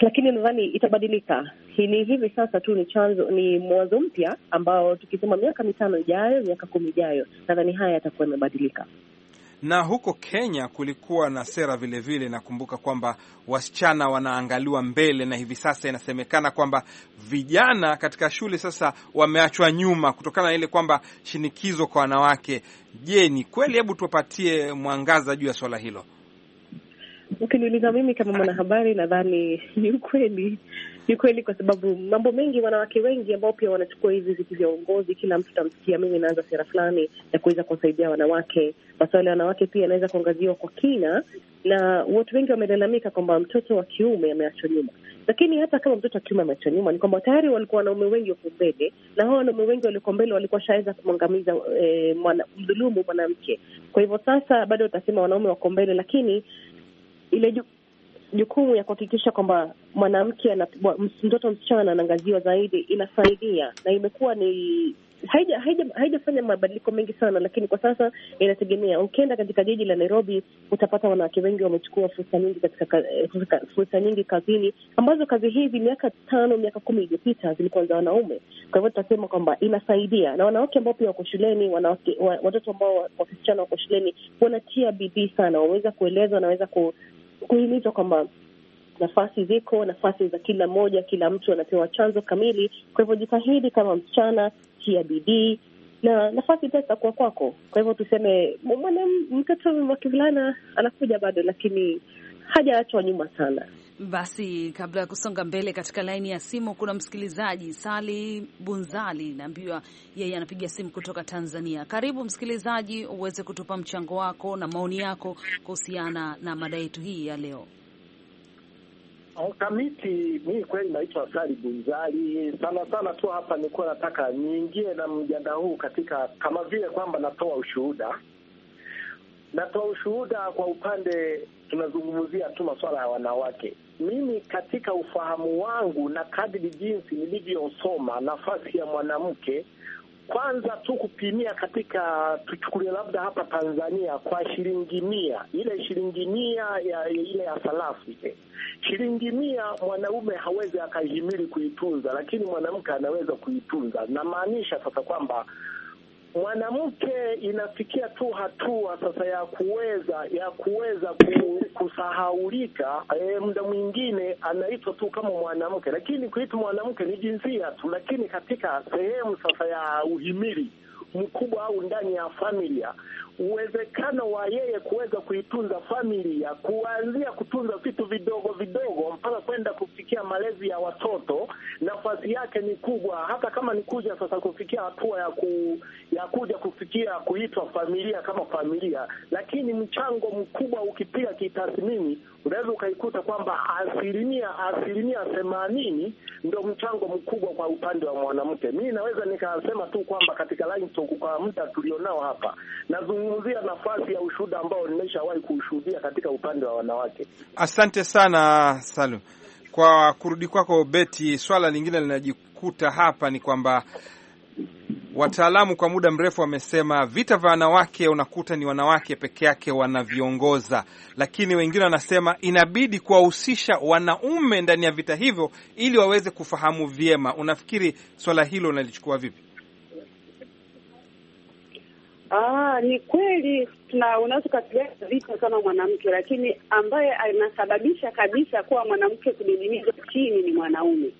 lakini nadhani itabadilika. Ni hivi sasa tu ni chanzo, ni mwanzo mpya ambao tukisema miaka mitano ijayo, miaka kumi ijayo, nadhani haya yatakuwa yamebadilika. Na huko Kenya kulikuwa na sera vilevile, nakumbuka kwamba wasichana wanaangaliwa mbele, na hivi sasa inasemekana kwamba vijana katika shule sasa wameachwa nyuma kutokana na ile kwamba shinikizo kwa wanawake. Je, ni kweli? Hebu tuwapatie mwangaza juu ya swala hilo. Ukiniuliza mimi kama mwanahabari, nadhani ni ukweli ni kweli, kwa sababu mambo mengi, wanawake wengi ambao pia wanachukua hizi viti vya uongozi, kila mtu tamsikia, mimi naanza sera fulani ya kuweza kuwasaidia wanawake. Masuala ya wanawake pia yanaweza kuangaziwa kwa kina, na watu wengi wamelalamika kwamba mtoto wa kiume ameachwa nyuma lakini hata kama mtoto kiume ameachwa nyuma, ni kwamba tayari walikuwa wanaume wengi wako mbele, na hao wanaume wengi walioko mbele walikuwa shaweza kumwangamiza e, mwana, mdhulumu mwanamke. Kwa hivyo sasa bado utasema wanaume wako mbele, lakini ile jukumu ya kuhakikisha kwamba mwanamke, mtoto msichana anaangaziwa zaidi, inasaidia na imekuwa ni haijafanya haija, haija mabadiliko mengi sana, lakini kwa sasa inategemea. Ukienda katika jiji la Nairobi utapata wanawake wengi wamechukua fursa nyingi katika eh, fursa nyingi kazini, ambazo kazi hizi miaka tano miaka kumi iliyopita zilikuwa za wanaume. Kwa hivyo tutasema kwamba inasaidia, na wanawake ambao pia wako shuleni, watoto ambao wasichana wako shuleni wanatia bidii sana, wameweza kueleza, wanaweza ku kuhimizwa kwamba nafasi ziko, nafasi za kila mmoja, kila mtu anapewa chanzo kamili. Kwa hivyo jitahidi kama msichana, tia bidii na nafasi pia zitakuwa kwako. Kwa hivyo tuseme, mwanamke mtoto wa kivulana anakuja bado, lakini hajaachwa nyuma sana. Basi kabla ya kusonga mbele katika laini ya simu, kuna msikilizaji Sali Bunzali, naambiwa yeye anapiga simu kutoka Tanzania. Karibu msikilizaji, uweze kutupa mchango wako na maoni yako kuhusiana na mada yetu hii ya leo. Oh, Kamiti, mimi kweli naitwa Sali Bunzali. Sana sana tu hapa nilikuwa nataka niingie na mjadala huu katika kama vile kwamba natoa ushuhuda Natoa ushuhuda kwa upande, tunazungumzia tu masuala ya wanawake. Mimi katika ufahamu wangu na kadiri jinsi nilivyosoma nafasi ya mwanamke, kwanza tu kupimia katika, tuchukulie labda hapa Tanzania kwa shilingi mia, ile shilingi mia ya ile ya sarafu ile shilingi mia, mwanaume hawezi akahimili kuitunza, lakini mwanamke anaweza kuitunza. Namaanisha sasa kwamba mwanamke inafikia tu hatua sasa ya kuweza ya kuweza kusahaulika. E, muda mwingine anaitwa tu kama mwanamke, lakini kuitwa mwanamke ni jinsia tu, lakini katika sehemu sasa ya uhimili mkubwa au ndani ya familia uwezekano wa yeye kuweza kuitunza familia, kuanzia kutunza vitu vidogo vidogo mpaka kwenda kufikia malezi ya watoto, nafasi yake ni kubwa, hata kama ni kuja sasa kufikia hatua ya, ku, ya kuja kufikia kuitwa familia kama familia, lakini mchango mkubwa ukipiga kitathmini, unaweza ukaikuta kwamba asilimia asilimia themanini ndo mchango mkubwa kwa upande wa mwanamke. Mi naweza nikasema tu kwamba katika Line kwa muda tulionao hapa nazungumzia nafasi ya ushuhuda ambao nimeshawahi kuushuhudia katika upande wa wanawake. Asante sana Salum kwa kurudi kwako Beti. Swala lingine linajikuta hapa ni kwamba wataalamu kwa muda mrefu wamesema vita vya wanawake, unakuta ni wanawake peke yake wanaviongoza, lakini wengine wanasema inabidi kuwahusisha wanaume ndani ya vita hivyo ili waweze kufahamu vyema. Unafikiri swala hilo unalichukua vipi? Ah, ni kweli tuna unaweza ukapigana vita kama mwanamke, lakini ambaye anasababisha kabisa kuwa mwanamke kudidimizwa chini ni mwanaume.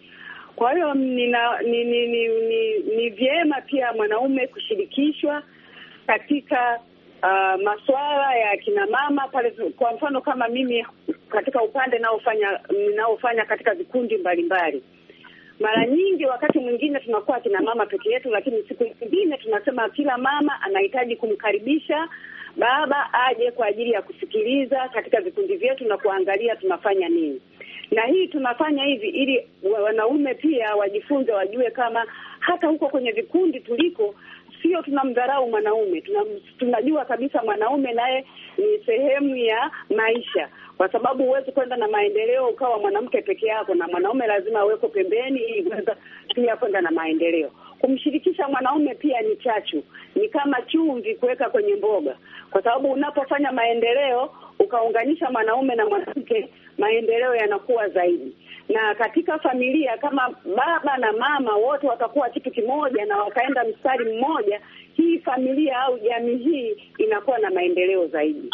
Kwa hiyo ni, ni, ni, ni, ni, ni vyema pia mwanaume kushirikishwa katika uh, ah, masuala ya kina mama pale. Kwa mfano kama mimi katika upande naofanya ninaofanya katika vikundi mbalimbali mbali. Mara nyingi wakati mwingine tunakuwa akina mama peke yetu, lakini siku nyingine tunasema kila mama anahitaji kumkaribisha baba aje kwa ajili ya kusikiliza katika vikundi vyetu na kuangalia tunafanya nini. Na hii tunafanya hivi ili wanaume pia wajifunze, wajue kama hata huko kwenye vikundi tuliko sio tunamdharau mwanaume, tunajua kabisa mwanaume naye ni sehemu ya maisha kwa sababu huwezi kwenda na maendeleo ukawa mwanamke peke yako, na mwanaume lazima aweko pembeni ili kuweza pia kwenda na maendeleo. Kumshirikisha mwanaume pia ni chachu, ni kama chumvi kuweka kwenye mboga, kwa sababu unapofanya maendeleo ukaunganisha mwanaume na mwanamke, maendeleo yanakuwa zaidi. Na katika familia, kama baba na mama wote watakuwa kitu kimoja na wakaenda mstari mmoja, hii familia au jamii hii inakuwa na maendeleo zaidi.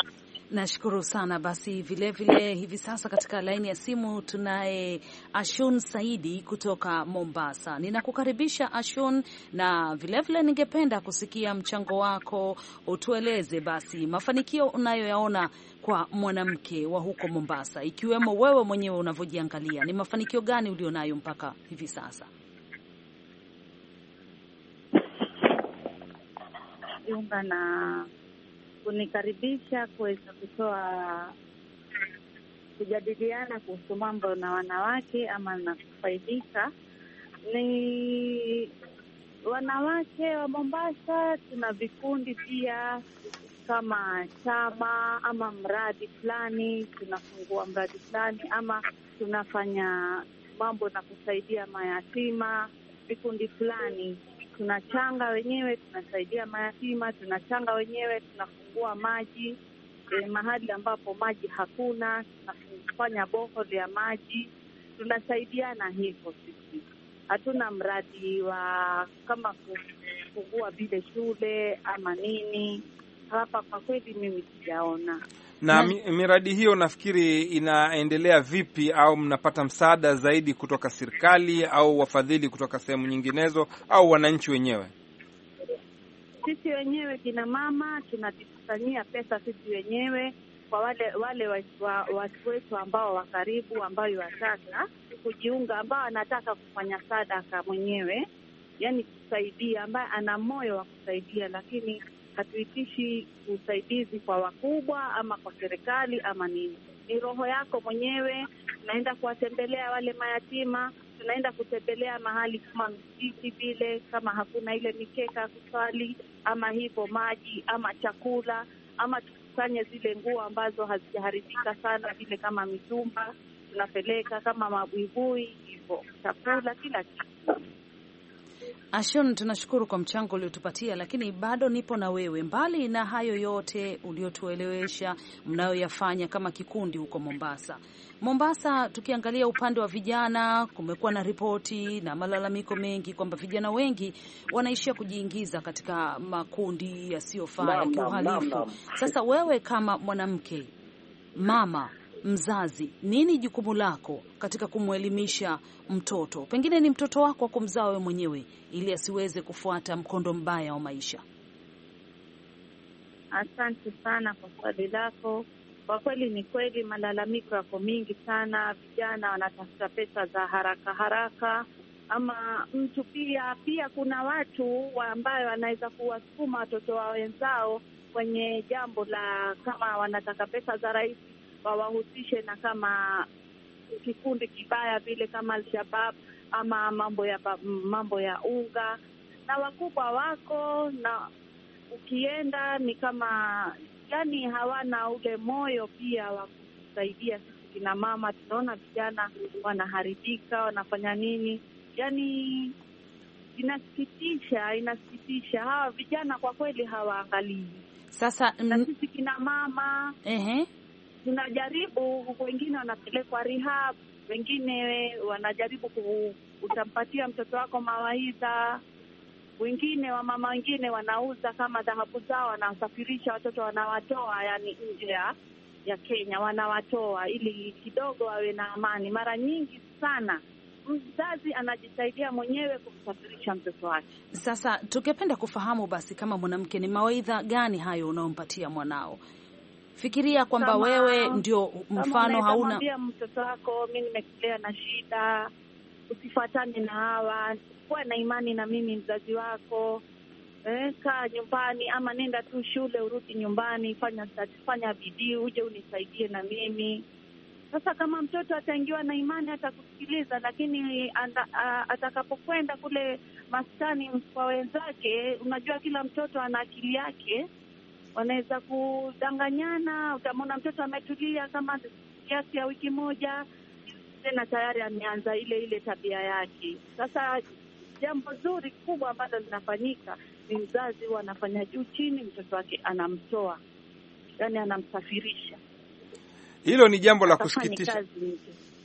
Nashukuru sana basi. Vilevile hivi sasa katika laini ya simu tunaye Ashun Saidi kutoka Mombasa. Ninakukaribisha Ashun, na vilevile ningependa kusikia mchango wako, utueleze basi mafanikio unayoyaona kwa mwanamke wa huko Mombasa, ikiwemo wewe mwenyewe unavyojiangalia, ni mafanikio gani ulionayo mpaka hivi sasa? Jiunga na kunikaribisha kuweza kutoa kujadiliana kuhusu mambo na wanawake ama na kufaidika. Ni wanawake wa Mombasa, tuna vikundi pia kama chama ama mradi fulani, tunafungua mradi fulani ama tunafanya mambo na kusaidia mayatima, vikundi fulani tunachanga wenyewe, tunasaidia mayatima, tunachanga wenyewe, tunafungua maji e, mahali ambapo maji hakuna, tunafanya bohol ya maji, tunasaidiana hivyo. Sisi hatuna mradi wa kama kufungua vile shule ama nini hapa, kwa kweli mimi sijaona. Na miradi hiyo nafikiri inaendelea vipi, au mnapata msaada zaidi kutoka serikali au wafadhili kutoka sehemu nyinginezo au wananchi wenyewe? Sisi wenyewe kina mama tunajikusanyia pesa sisi wenyewe kwa wale wale watu wa, wa wetu ambao wa karibu ambao wataka kujiunga, ambao anataka kufanya sadaka mwenyewe, yani kusaidia, ambaye ana moyo wa kusaidia, lakini hatuitishi usaidizi kwa wakubwa ama kwa serikali ama nini, ni roho yako mwenyewe. Tunaenda kuwatembelea wale mayatima, tunaenda kutembelea mahali kama msikiti vile, kama hakuna ile mikeka ya kuswali ama hivyo maji ama chakula ama tukusanye zile nguo ambazo hazijaharibika sana vile, kama mitumba tunapeleka, kama mabuibui hivyo, chakula, kila kitu. Ashon, tunashukuru kwa mchango uliotupatia, lakini bado nipo na wewe. Mbali na hayo yote uliotuelewesha mnayoyafanya kama kikundi huko Mombasa, Mombasa tukiangalia upande wa vijana, kumekuwa na ripoti na malalamiko mengi kwamba vijana wengi wanaishia kujiingiza katika makundi yasiyofaa ya kiuhalifu. Sasa wewe kama mwanamke mama mzazi, nini jukumu lako katika kumwelimisha mtoto? Pengine ni mtoto wako wa kumzaa wewe mwenyewe, ili asiweze kufuata mkondo mbaya wa maisha. Asante sana kwa swali lako. Kwa kweli, ni kweli malalamiko yako mingi sana. Vijana wanatafuta pesa za haraka haraka, ama mtu pia pia, kuna watu ambayo wanaweza kuwasukuma watoto wa wenzao kwenye jambo la kama wanataka pesa za rahisi wawahusishe na kama kikundi kibaya vile kama Alshabab ama mambo ya mambo ya unga, na wakubwa wako na ukienda ni kama yani hawana ule moyo pia wa kusaidia sisi kina mama. Tunaona vijana wanaharibika, wanafanya nini? Yani inasikitisha, inasikitisha. Hawa vijana kwa kweli hawaangalii sasa na sisi kina mama -huh tunajaribu, wengine wanapelekwa rehab, wengine wanajaribu ku, utampatia mtoto wako mawaidha, wengine wamama wengine wanauza kama dhahabu zao, wanawasafirisha watoto, wanawatoa yani nje ya ya Kenya wanawatoa ili kidogo wawe na amani. Mara nyingi sana mzazi anajisaidia mwenyewe kumsafirisha mtoto wake. Sasa tungependa kufahamu basi, kama mwanamke, ni mawaidha gani hayo unaompatia mwanao? Fikiria kwamba wewe ndio mfano hauna mtoto wako, mi nimekulea na shida, usifuatane na hawa, kuwa na imani na mimi mzazi wako eh, kaa nyumbani ama nenda tu shule urudi nyumbani, fanya fanya bidii uje unisaidie na mimi sasa kama mtoto ataingiwa na imani atakusikiliza, lakini atakapokwenda kule maskani kwa wenzake, unajua kila mtoto ana akili yake wanaweza kudanganyana. Utamwona mtoto ametulia kama kiasi ya wiki moja, tena tayari ameanza ile ile tabia yake. Sasa jambo zuri kubwa ambalo linafanyika ni mzazi huwa anafanya juu chini, mtoto wake anamtoa, yani anamsafirisha. Hilo ni jambo la kusikitisha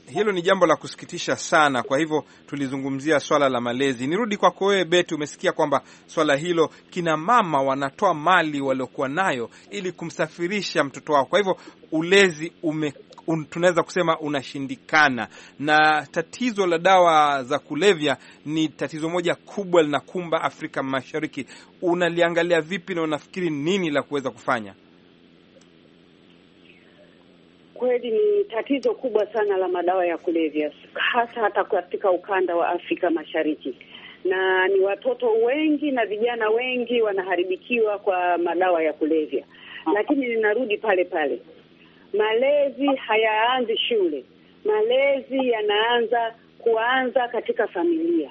hilo ni jambo la kusikitisha sana. Kwa hivyo tulizungumzia swala la malezi. Nirudi kwako wewe Beti, umesikia kwamba swala hilo, kina mama wanatoa mali waliokuwa nayo ili kumsafirisha mtoto wao. Kwa hivyo ulezi ume un, tunaweza kusema unashindikana, na tatizo la dawa za kulevya ni tatizo moja kubwa linakumba Afrika Mashariki. Unaliangalia vipi na unafikiri nini la kuweza kufanya? Kweli ni tatizo kubwa sana la madawa ya kulevya, hasa hata katika ukanda wa Afrika Mashariki, na ni watoto wengi na vijana wengi wanaharibikiwa kwa madawa ya kulevya. Lakini ninarudi pale pale, malezi hayaanzi shule, malezi yanaanza kuanza katika familia.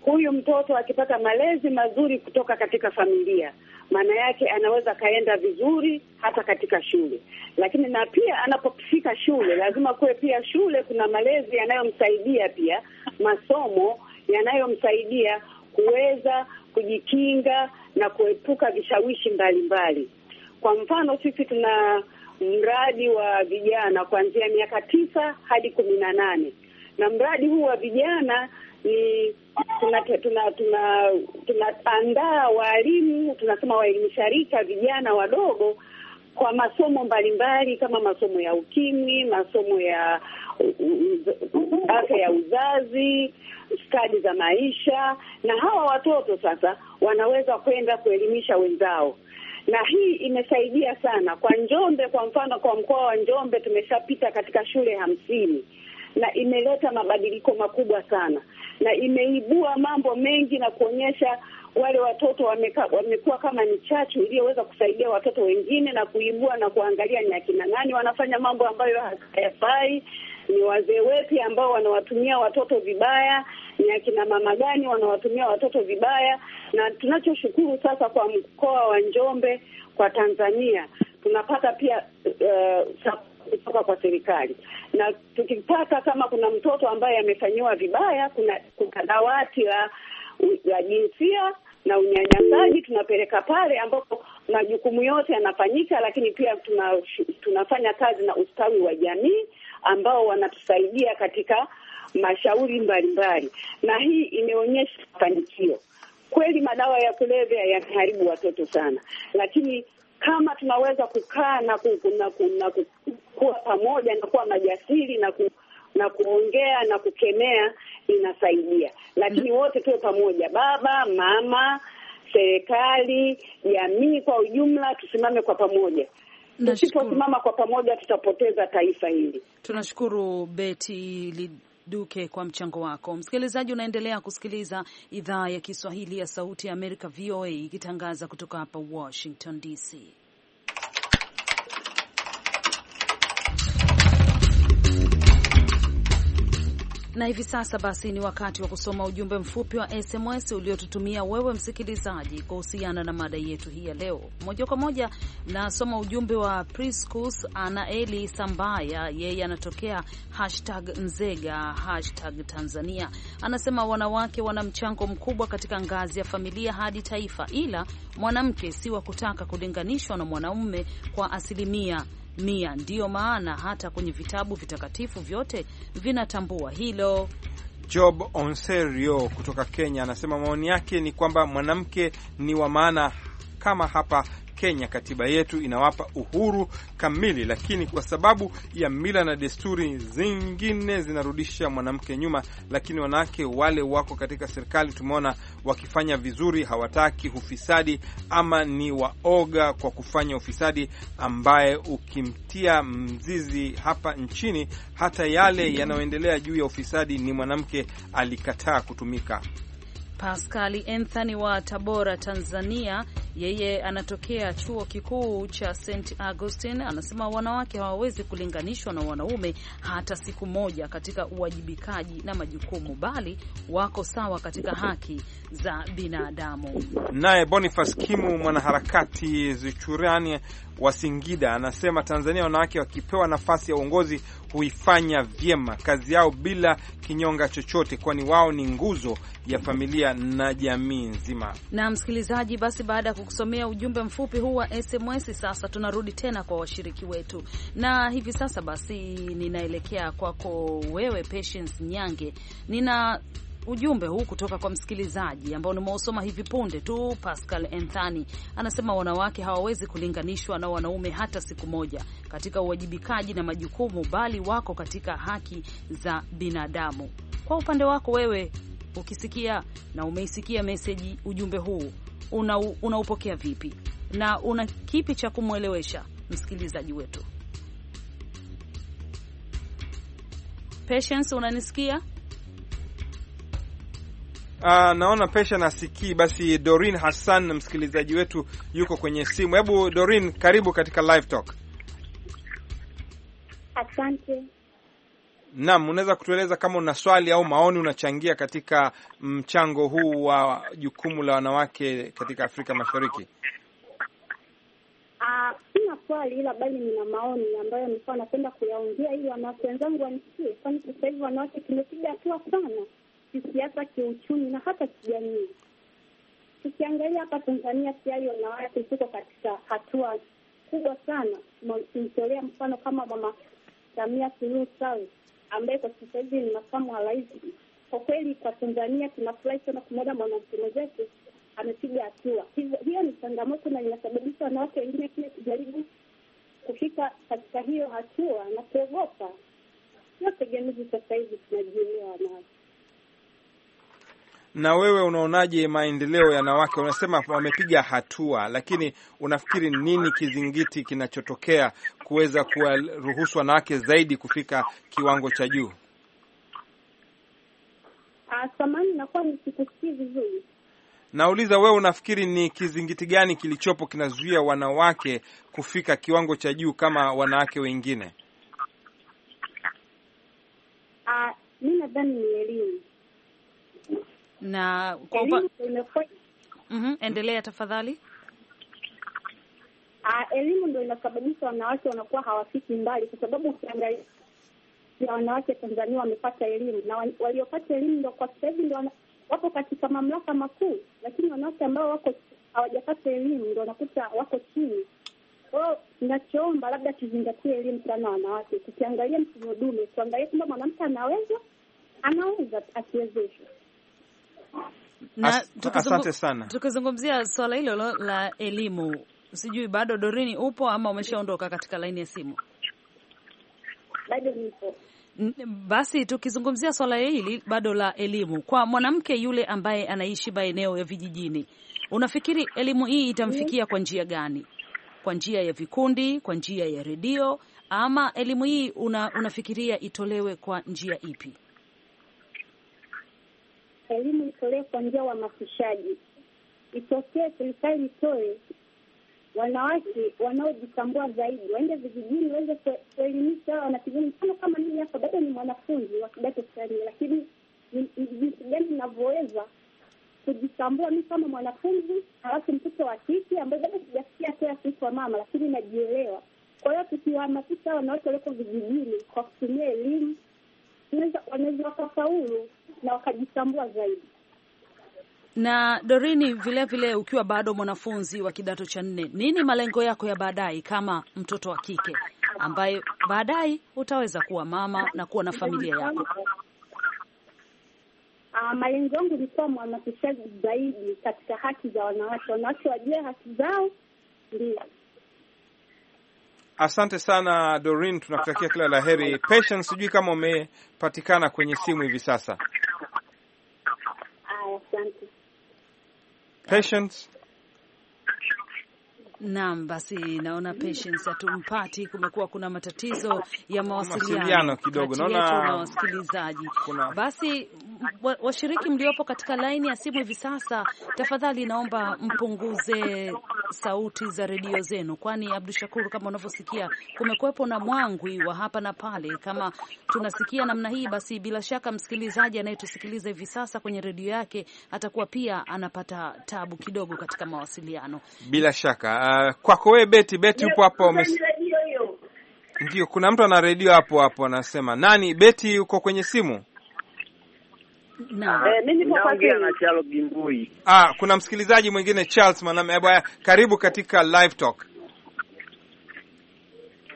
Huyu mtoto akipata malezi mazuri kutoka katika familia maana yake anaweza akaenda vizuri hata katika shule, lakini na pia anapofika shule lazima kuwe pia shule kuna malezi yanayomsaidia pia masomo yanayomsaidia kuweza kujikinga na kuepuka vishawishi mbalimbali. Kwa mfano, sisi tuna mradi wa vijana kuanzia miaka tisa hadi kumi na nane na mradi huu wa vijana ni tuna, tuna waalimu tunasema waelimisha rika vijana wadogo kwa masomo mbalimbali kama masomo ya ukimwi, masomo ya afya ya uzazi, stadi za maisha, na hawa watoto sasa wanaweza kwenda kuelimisha wenzao, na hii imesaidia sana kwa Njombe. Kwa mfano, kwa mkoa wa Njombe tumeshapita katika shule hamsini na imeleta mabadiliko makubwa sana, na imeibua mambo mengi na kuonyesha wale watoto wamekuwa kama ni chachu iliyoweza kusaidia watoto wengine na kuibua na kuangalia ni akina nani wanafanya mambo ambayo hayafai, ni wazee wepi ambao wanawatumia watoto vibaya, ni akina mama gani wanawatumia watoto vibaya. Na tunachoshukuru sasa kwa mkoa wa Njombe, kwa Tanzania tunapata pia uh, kutoka kwa serikali, na tukitaka kama kuna mtoto ambaye amefanyiwa vibaya, kuna kuna dawati la la jinsia na unyanyasaji tunapeleka pale ambapo majukumu yote yanafanyika, lakini pia tuna, tunafanya kazi na ustawi wa jamii ambao wanatusaidia katika mashauri mbalimbali, na hii imeonyesha mafanikio kweli. Madawa ya kulevya yameharibu watoto sana, lakini kama tunaweza kukaa na kuwa pamoja na kuwa majasiri na ku, na kuongea na kukemea, inasaidia. Lakini wote tuwe pamoja, baba mama, serikali, jamii kwa ujumla, tusimame kwa pamoja. Tusiposimama kwa pamoja tutapoteza taifa hili. Tunashukuru Beti Duke kwa mchango wako. Msikilizaji, unaendelea kusikiliza idhaa ya Kiswahili ya Sauti ya Amerika, VOA, ikitangaza kutoka hapa Washington DC. Na hivi sasa basi ni wakati wa kusoma ujumbe mfupi wa SMS uliotutumia wewe msikilizaji kuhusiana na mada yetu hii ya leo. Moja kwa moja nasoma ujumbe wa Priscus Anaeli Sambaya, yeye anatokea hashtag Nzega hashtag Tanzania. Anasema wanawake wana mchango mkubwa katika ngazi ya familia hadi taifa, ila mwanamke si wa kutaka kulinganishwa na mwanaume kwa asilimia mia. Ndiyo maana hata kwenye vitabu vitakatifu vyote vinatambua hilo. Job Onserio kutoka Kenya anasema maoni yake ni kwamba mwanamke ni wa maana kama hapa Kenya katiba yetu inawapa uhuru kamili, lakini kwa sababu ya mila na desturi zingine zinarudisha mwanamke nyuma. Lakini wanawake wale wako katika serikali tumeona wakifanya vizuri, hawataki ufisadi ama ni waoga kwa kufanya ufisadi, ambaye ukimtia mzizi hapa nchini, hata yale yanayoendelea juu ya ufisadi ni mwanamke alikataa kutumika. Paskali Anthony wa Tabora, Tanzania yeye anatokea chuo kikuu cha St Augustine, anasema wanawake hawawezi kulinganishwa na wanaume hata siku moja katika uwajibikaji na majukumu, bali wako sawa katika haki za binadamu. Naye Boniface Kimu, mwanaharakati Zuchurani wa Singida, anasema Tanzania wanawake wakipewa nafasi ya uongozi huifanya vyema kazi yao bila kinyonga chochote, kwani wao ni nguzo ya familia na jamii nzima. Na msikilizaji, basi baada ya kukusomea ujumbe mfupi huu wa SMS, sasa tunarudi tena kwa washiriki wetu, na hivi sasa basi ninaelekea kwako wewe Patience Nyange, nina ujumbe huu kutoka kwa msikilizaji ambao nimeusoma hivi punde tu. Pascal Anthony anasema wanawake hawawezi kulinganishwa na wanaume hata siku moja katika uwajibikaji na majukumu, bali wako katika haki za binadamu. Kwa upande wako wewe, ukisikia na umeisikia meseji, ujumbe huu unaupokea una vipi na una kipi cha kumwelewesha msikilizaji wetu? Patience, unanisikia? Uh, naona pesha na Basi Dorin Hassan msikilizaji wetu yuko kwenye simu. Hebu Dorin, karibu katika live talk. Asante. Naam, unaweza kutueleza kama una swali au maoni, unachangia katika mchango huu wa jukumu la wanawake katika Afrika Mashariki? Ah, sina uh, swali ila bali nina maoni ambayo nilikuwa napenda kuyaongea ili wanawake wenzangu wanisikie, kwani sasa hivi wanawake tumepiga hatua sana kisiasa, kiuchumi na hata kijamii. Tukiangalia hapa Tanzania, tayari wanawake tuko katika hatua kubwa sana. Tumtolea mfano kama Mama Samia Suluhu Hassan ambaye kwa sasa hivi ni makamu wa rais. Kwa kweli, kwa Tanzania tunafurahi sana kumwona mwanamke mwenzetu amepiga hatua. Hiyo ni changamoto na inasababisha wanawake wengine pia kujaribu kufika katika hiyo hatua na kuogopa. Sio tegemezi, sasa hivi tunajielewa wanawake na wewe unaonaje maendeleo ya wanawake? Unasema wamepiga hatua, lakini unafikiri nini kizingiti kinachotokea kuweza kuwaruhusu wanawake zaidi kufika kiwango cha juu? Ah, samahani, nakuwa nisikusikii vizuri. Nauliza, wewe unafikiri ni kizingiti gani kilichopo kinazuia wanawake kufika kiwango cha juu kama wanawake wengine? Ah, mi nadhani ni elimu na kwa mm-hmm. Endelea tafadhali. Uh, elimu ndo inasababisha wanawake wanakuwa hawafiki mbali, kwa sababu ukiangalia ya wanawake Tanzania wamepata elimu na waliopata elimu ndo kwa sasa hivi ndo wapo katika mamlaka makuu, lakini wanawake ambao wako hawajapata elimu ndo wanakuta wako chini. Kwa hiyo ninachoomba labda tuzingatie elimu sana wanawake, tukiangalia mfumo dume, tuangalie kwamba mwanamke anaweza anaweza akiwezeshwa na asante sana. Tukizungumzia swala hilo la elimu, sijui bado Dorini upo ama umeshaondoka katika laini ya simu? Bado nipo. Basi tukizungumzia swala hili bado la elimu kwa mwanamke yule ambaye anaishi maeneo ya vijijini, unafikiri elimu hii itamfikia kwa njia gani? Kwa njia ya vikundi, kwa njia ya redio, ama elimu hii una, unafikiria itolewe kwa njia ipi? elimu itolewe kwa njia uhamasishaji. Itokee serikali itoe, wanawake wanaojitambua zaidi waende vijijini, waweze kuelimisha wanakijiji. Mfano kama mimi hapa, bado ni mwanafunzi wa kidato cha nne, lakini jinsi gani inavyoweza kujitambua mi kama mwanafunzi, halafu mtoto wa kike ambaye bado sijafikia kea kuitwa mama, lakini najielewa. Kwa hiyo tukiwahamasisha wanawake walioko vijijini kwa kutumia elimu wanaweza wakafaulu na wakajitambua zaidi. Na Dorini, vilevile vile ukiwa bado mwanafunzi wa kidato cha nne, nini malengo yako ya baadaye kama mtoto wa kike ambaye baadaye utaweza kuwa mama na kuwa na familia yako? Uh, malengo yangu ni kuwa mhamasishaji zaidi katika haki za wanawake, wanawake wajue haki zao, ndio Asante sana Dorin, tunakutakia kila la heri. Patience, sijui kama umepatikana kwenye simu hivi sasa. Patience. Naam, basi naona Patience hatumpati. Kumekuwa kuna matatizo ya mawasiliano kidogo, naona na wasikilizaji. Basi washiriki mliopo katika laini ya simu hivi sasa, tafadhali naomba mpunguze sauti za redio zenu, kwani Abdu shakur kama unavyosikia kumekuwepo na mwangwi wa hapa na pale. Kama tunasikia namna hii, basi bila shaka msikilizaji anayetusikiliza hivi sasa kwenye redio yake atakuwa pia anapata tabu kidogo katika mawasiliano, bila shaka. Uh, kwako wewe Beti, Beti upo hapo umes... Ndio, kuna mtu ana redio hapo hapo anasema nani? Beti, uko kwenye simu? Ah, eh, ah, kuna msikilizaji mwingine Charles Maname. karibu katika live talk.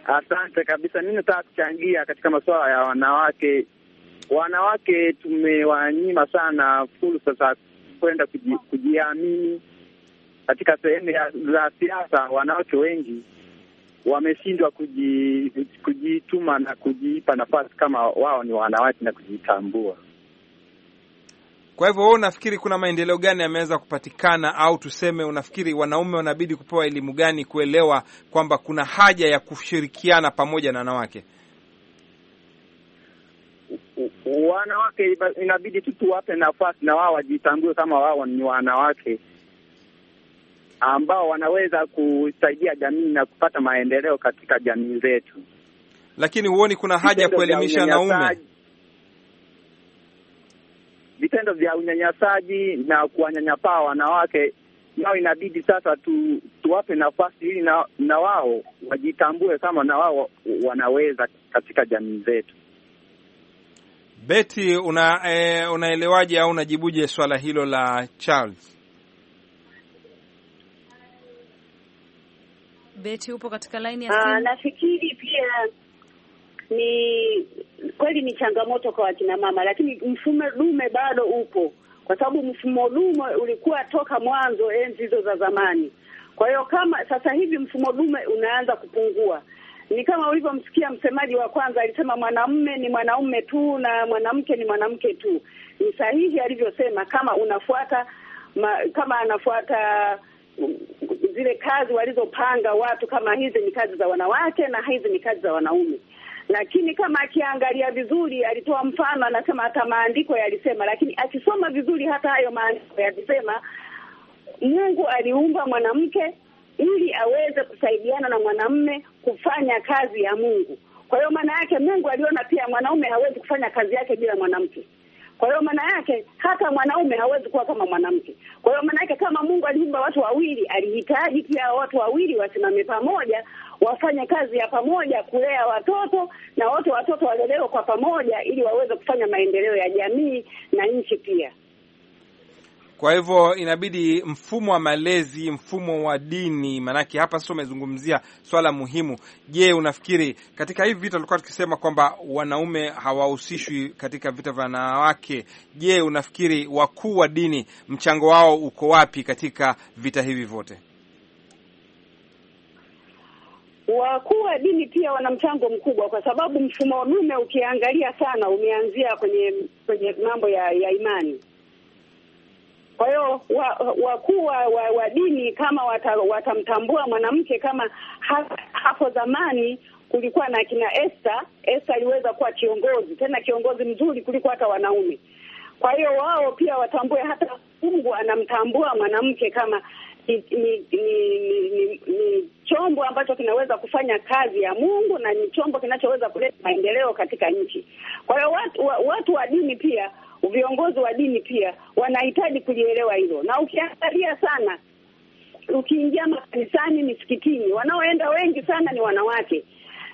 Asante kabisa. Mimi nataka kuchangia katika masuala ya wanawake. Wanawake tumewanyima sana fursa za kwenda kuji, kujiamini katika sehemu za siasa, wanawake wengi wameshindwa kujituma na kujiipa nafasi kama wao ni wanawake na kujitambua. Kwa hivyo wewe unafikiri kuna maendeleo gani yameweza kupatikana, au tuseme unafikiri wanaume wanabidi kupewa elimu gani kuelewa kwamba kuna haja ya kushirikiana pamoja na wanawake? Wanawake inabidi tu tuwape nafasi na wao wajitambue kama wao ni wanawake ambao wanaweza kusaidia jamii na kupata maendeleo katika jamii zetu. Lakini huoni kuna haja ya kuelimisha naume vitendo vya unyanyasaji na kuwanyanyapaa wanawake nao inabidi sasa tu, tuwape nafasi ili na, na wao wajitambue kama na wao wanaweza katika jamii zetu. Beti, una, e, unaelewaje au unajibuje swala hilo la Charles? Beti, upo katika line ya ah, simu. Nafikiri pia ni kweli ni changamoto kwa wakina mama, lakini mfumo dume bado upo, kwa sababu mfumo dume ulikuwa toka mwanzo enzi hizo za zamani. Kwa hiyo kama sasa hivi mfumo dume unaanza kupungua, ni kama ulivyomsikia msemaji wa kwanza alisema, mwanamume ni mwanaume tu na mwanamke ni mwanamke tu. Ni sahihi alivyosema, kama unafuata ma, kama anafuata zile kazi walizopanga watu kama hizi ni kazi za wanawake na hizi ni kazi za wanaume. Lakini kama akiangalia vizuri, alitoa mfano, anasema hata maandiko yalisema, lakini akisoma vizuri, hata hayo maandiko yalisema Mungu aliumba mwanamke ili aweze kusaidiana na mwanamume kufanya kazi ya Mungu. Kwa hiyo maana yake Mungu aliona pia mwanaume hawezi kufanya kazi yake bila mwanamke. Kwa hiyo maana yake hata mwanaume hawezi kuwa kama mwanamke. Kwa hiyo maana yake kama Mungu aliumba watu wawili, alihitaji pia watu wawili wasimame pamoja, wafanye kazi ya pamoja, kulea watoto na wote watoto walelewe kwa pamoja, ili waweze kufanya maendeleo ya jamii na nchi pia. Kwa hivyo inabidi mfumo wa malezi, mfumo wa dini, maanake hapa sasa umezungumzia swala muhimu. Je, unafikiri katika hivi vita tulikuwa tukisema kwamba wanaume hawahusishwi katika vita vya wanawake? Je, unafikiri wakuu wa dini mchango wao uko wapi katika vita hivi vyote? Wakuu wa dini pia wana mchango mkubwa, kwa sababu mfumo dume ukiangalia sana umeanzia kwenye kwenye mambo ya, ya imani kwa hiyo wakuu wa, wa, wa dini kama watamtambua wata mwanamke kama ha, hapo zamani kulikuwa na akina Esther. Esther aliweza kuwa kiongozi, tena kiongozi mzuri kuliko hata wanaume. Kwa hiyo wao pia watambue, hata Mungu anamtambua mwanamke kama ni, ni, ni, ni, ni chombo ambacho kinaweza kufanya kazi ya Mungu na ni chombo kinachoweza kuleta maendeleo katika nchi. Kwa hiyo watu, watu wa dini pia viongozi wa dini pia wanahitaji kulielewa hilo, na ukiangalia sana, ukiingia makanisani, misikitini, wanaoenda wengi sana ni wanawake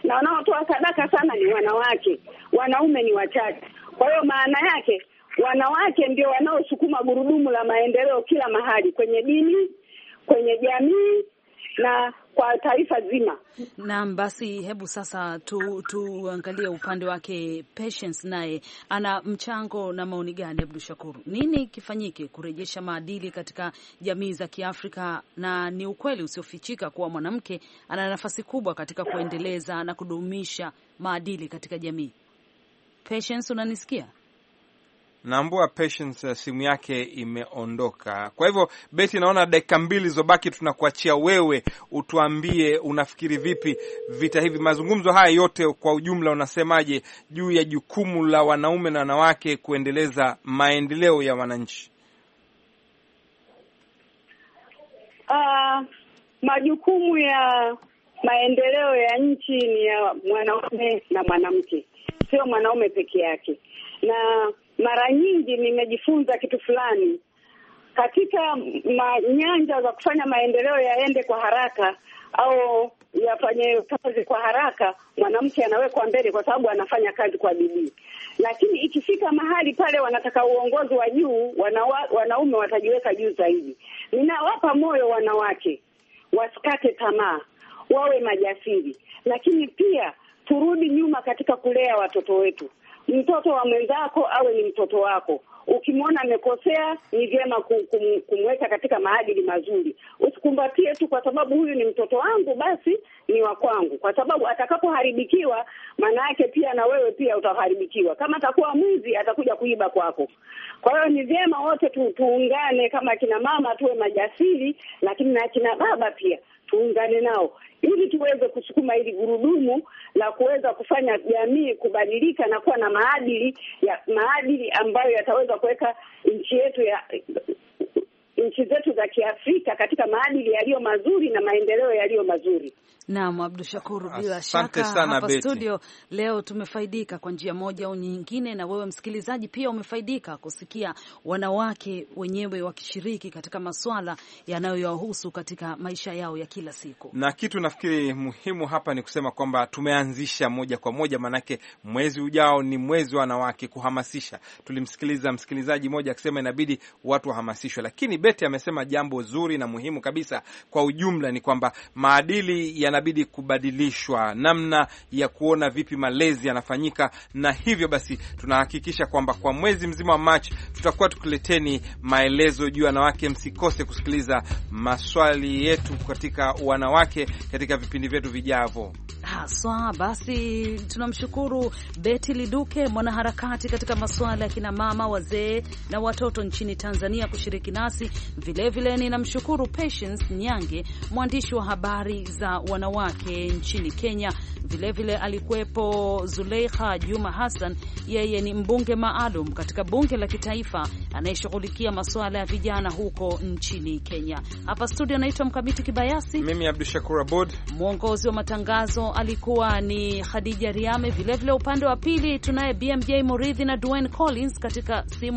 na wanaotoa sadaka sana ni wanawake, wanaume ni wachache. Kwa hiyo maana yake wanawake ndio wanaosukuma gurudumu la maendeleo kila mahali, kwenye dini, kwenye jamii na kwa taifa zima. Naam, basi hebu sasa tu tuangalie upande wake Patience, naye ana mchango na maoni gani? Abdu Shakur, nini kifanyike kurejesha maadili katika jamii za Kiafrika? Na ni ukweli usiofichika kuwa mwanamke ana nafasi kubwa katika kuendeleza na kudumisha maadili katika jamii. Patience, unanisikia? Naambua Patience eh, simu yake imeondoka. Kwa hivyo, Beti, naona dakika mbili zobaki, tunakuachia wewe utuambie unafikiri vipi vita hivi, mazungumzo haya yote kwa ujumla, unasemaje juu ya jukumu la wanaume na wanawake kuendeleza maendeleo ya wananchi? Uh, majukumu ya maendeleo ya nchi ni ya mwanaume na mwanamke, sio mwanaume peke yake na mara nyingi nimejifunza kitu fulani katika nyanja za kufanya maendeleo yaende kwa haraka au yafanye kazi kwa haraka, mwanamke anawekwa mbele kwa sababu anafanya kazi kwa bidii. Lakini ikifika mahali pale wanataka uongozi wa juu, wanawa, wanaume watajiweka juu zaidi. Ninawapa moyo wanawake wasikate tamaa, wawe majasiri, lakini pia turudi nyuma katika kulea watoto wetu mtoto wa mwenzako awe ni mtoto wako. Ukimwona amekosea, ni vyema kumweka katika maadili mazuri. Usikumbatie tu kwa sababu huyu ni mtoto wangu, basi ni wa kwangu, kwa sababu atakapoharibikiwa, maana yake pia na wewe pia utaharibikiwa. Kama atakuwa mwizi, atakuja kuiba kwako. Kwa hiyo ni vyema wote tu, tuungane kama akina mama, tuwe majasiri, lakini na akina baba pia tuungane nao ili tuweze kusukuma hili gurudumu la kuweza kufanya jamii kubadilika na kuwa na maadili ya maadili ambayo yataweza kuweka nchi yetu ya nchi zetu za Kiafrika katika maadili yaliyo mazuri na maendeleo yaliyo mazuri. Naam, Abdu Shakur, bila shaka hapa Beti studio leo tumefaidika kwa njia moja au nyingine, na wewe msikilizaji pia umefaidika kusikia wanawake wenyewe wakishiriki katika maswala yanayowahusu katika maisha yao ya kila siku. Na kitu nafikiri muhimu hapa ni kusema kwamba tumeanzisha moja kwa moja, maanake mwezi ujao ni mwezi wa wanawake kuhamasisha. Tulimsikiliza msikilizaji moja akisema inabidi watu wahamasishwe, lakini Bete amesema jambo zuri na muhimu kabisa. Kwa ujumla ni kwamba maadili yanabidi kubadilishwa, namna ya kuona vipi malezi yanafanyika, na hivyo basi tunahakikisha kwamba kwa mwezi mzima wa Machi tutakuwa tukuleteni maelezo juu ya wanawake. Msikose kusikiliza maswali yetu katika wanawake katika vipindi vyetu vijavyo haswa. Basi tunamshukuru Beti Liduke, mwanaharakati katika masuala ya kinamama, wazee na watoto nchini Tanzania, kushiriki nasi Vilevile ninamshukuru Patience Nyange, mwandishi wa habari za wanawake nchini Kenya. Vilevile alikuwepo Zuleikha Juma Hassan, yeye ni mbunge maalum katika bunge la kitaifa anayeshughulikia masuala ya vijana huko nchini Kenya. Hapa studio anaitwa Mkamiti Kibayasi, mimi Abdu Shakur Abud. Mwongozi wa matangazo alikuwa ni Khadija Riame. Vilevile upande wa pili tunaye BMJ Muridhi na Dwayne Collins katika simu